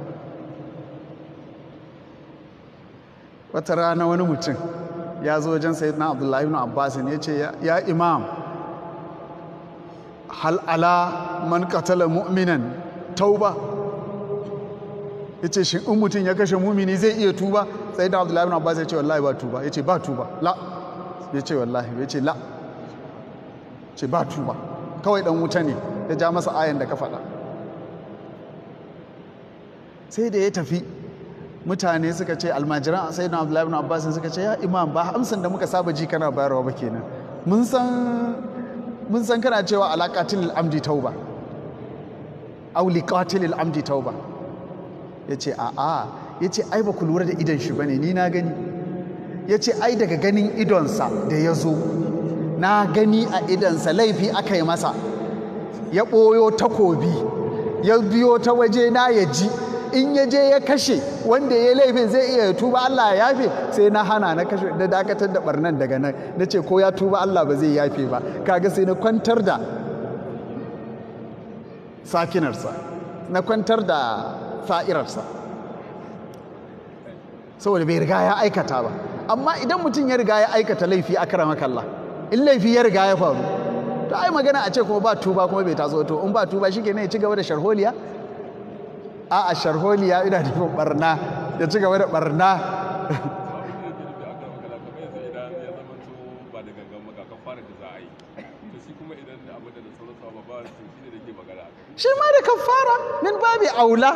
wata rana wani mutum ya zo wajen na abdullahi ibn abbas ya ce ya imam hal ala man qatala mu'minan tauba yace shin in mutum ya kashe mumini zai iya tuba da abdullahi ibn abbas ya ce wallahi ba tuba yace ba tuba la yace wallahi yace la ce ba tuba kawai dan wuta ne ya ja masa ayan da ka faɗa sai da ya tafi mutane suka ce almajiran sai na abdullahi ibn abbas suka ce ya imam ba hamsin da muka saba ji kana bayarwa ba kenan mun san mun san kana cewa alaqatil amdi tauba aw liqatil amdi tauba yace a a yace ai ba ku lura da idon shi bane ni na gani yace ai daga ganin idonsa da ya zo na gani a idonsa laifi aka yi masa ya ɓoyo takobi ya biyo ta waje na ya ji in ya je ya kashe wanda ya laifin zai iya ya tuba Allah ya yafe sai na hana na kashe na dakatar da barnan daga nan na ce ko ya tuba Allah ba zai yafe ba kaga sai na kwantar da sakinarsa na kwantar da fa'irarsa saboda bai riga ya aikata ba amma idan mutum ya riga ya aikata laifi a kara makalla in laifi ya riga ya faru to ai magana a ce kuma ba tuba kuma bai taso to in ba tuba shi ne ya ci gaba da sharholiya a'a sharholiya ina nufin barna ya ci gaba da barna shi ma da kafara min babi aula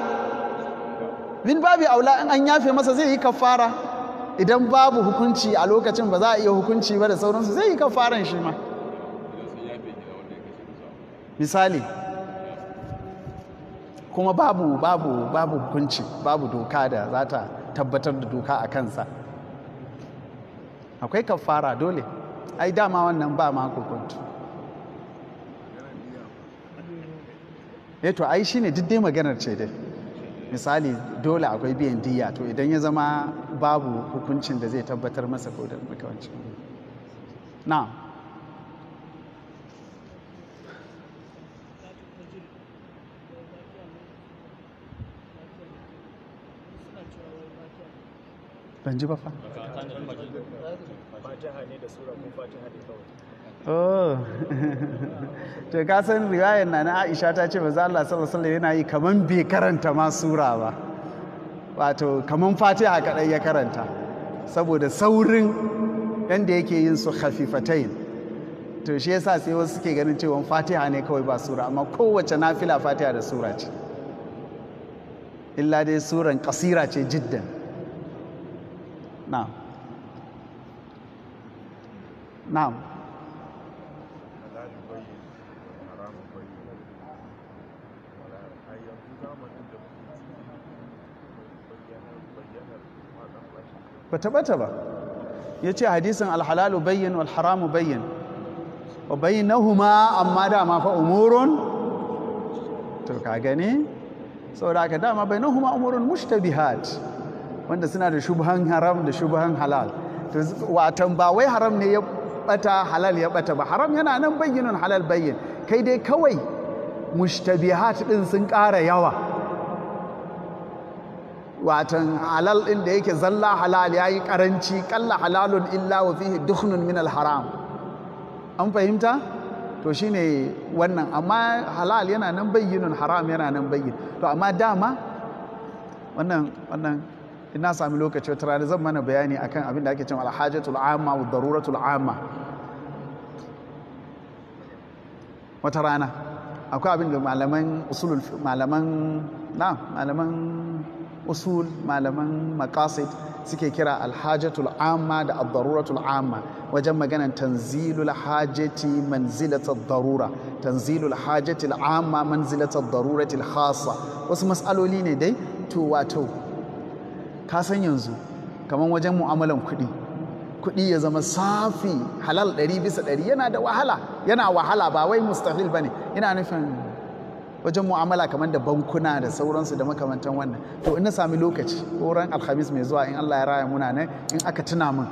min babi aula in an yafe masa zai yi kafara idan babu hukunci a lokacin ba za a iya hukunci ba da sauransu zai yi kafaran shi ma misali kuma babu babu babu hukunci babu doka da za ta tabbatar da doka a kansa akwai kafara dole ai dama wannan ba ma hukuntu eh to ai shine duk dai maganar ce dai misali dole akwai biyan diya to idan ya zama babu hukuncin da zai tabbatar masa ko da makamancin na ban ji ba fa oh <laughs> to ka san riwayar na na Aisha ta ce ba za Allah sallallahu yana yi kaman bai karanta ma sura ba wato kaman Fatiha kadai ya karanta saboda saurin yanda yake yin su khafifatain to shi yasa sai wasu suke ganin cewa Fatiha ne kawai ba sura amma kowace nafila Fatiha da sura ce illa dai suran kasira ce jiddan نعم نعم bata bata ba ya ce hadisun alhalalu walharamu wal haramu bayyin na huma amma dama fa umurun to ka gani da aka dama huma umurun mushtabihat wanda suna da shubhan haram da shubhan halal watan ba wai haram ne ya bata halal ya bata ba haram yana nan bayyinin halal bayyin kai dai kawai mushtabihat din sun ƙara yawa watan halal din da yake zalla halal yayi karanci kalla halalun illa wa fihi dukhnun min al haram an fahimta to shine wannan amma halal yana nan bayyinin haram yana nan bayyin to amma dama wannan wannan Ina na sami lokaci wata rana zan mana bayani akan abin da ake cewa alhajatul amma wa daruratul amma wata rana akwai abin da malaman usul malaman na malaman usul malaman maqasid suke kira alhajatul amma da ad-daruratul amma wajen maganan tanzilul hajati manzilatar darura tanzilul hajati amma manzilatar daruratil khassa wasu matsaloli ne dai to wato ka san yanzu kamar wajen mu'amalan kuɗi kuɗi ya zama safi halal ɗari bisa ɗari yana da wahala yana wahala ba wai mustahil ba ne yana nufin wajen mu'amala kamar da bankuna da sauransu da makamantan wannan to in na sami lokaci ko ran alhamis mai zuwa in allah ya raya muna nan in aka tuna min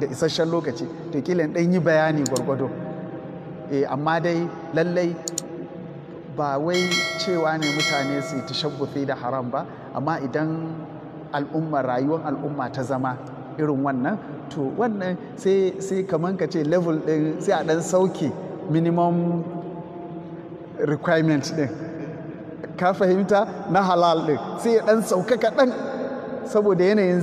da isasshen lokaci to kila ɗan yi bayani gwargwado eh amma dai lallai ba wai cewa ne mutane su yi da haram ba amma idan al'umma rayuwar al'umma ta zama irin wannan to wannan sai kamar ka ce level ɗin sai a ɗan sauke minimum requirement ɗin ka fahimta na halal ɗin sai ya ɗan sauka kaɗan saboda yanayin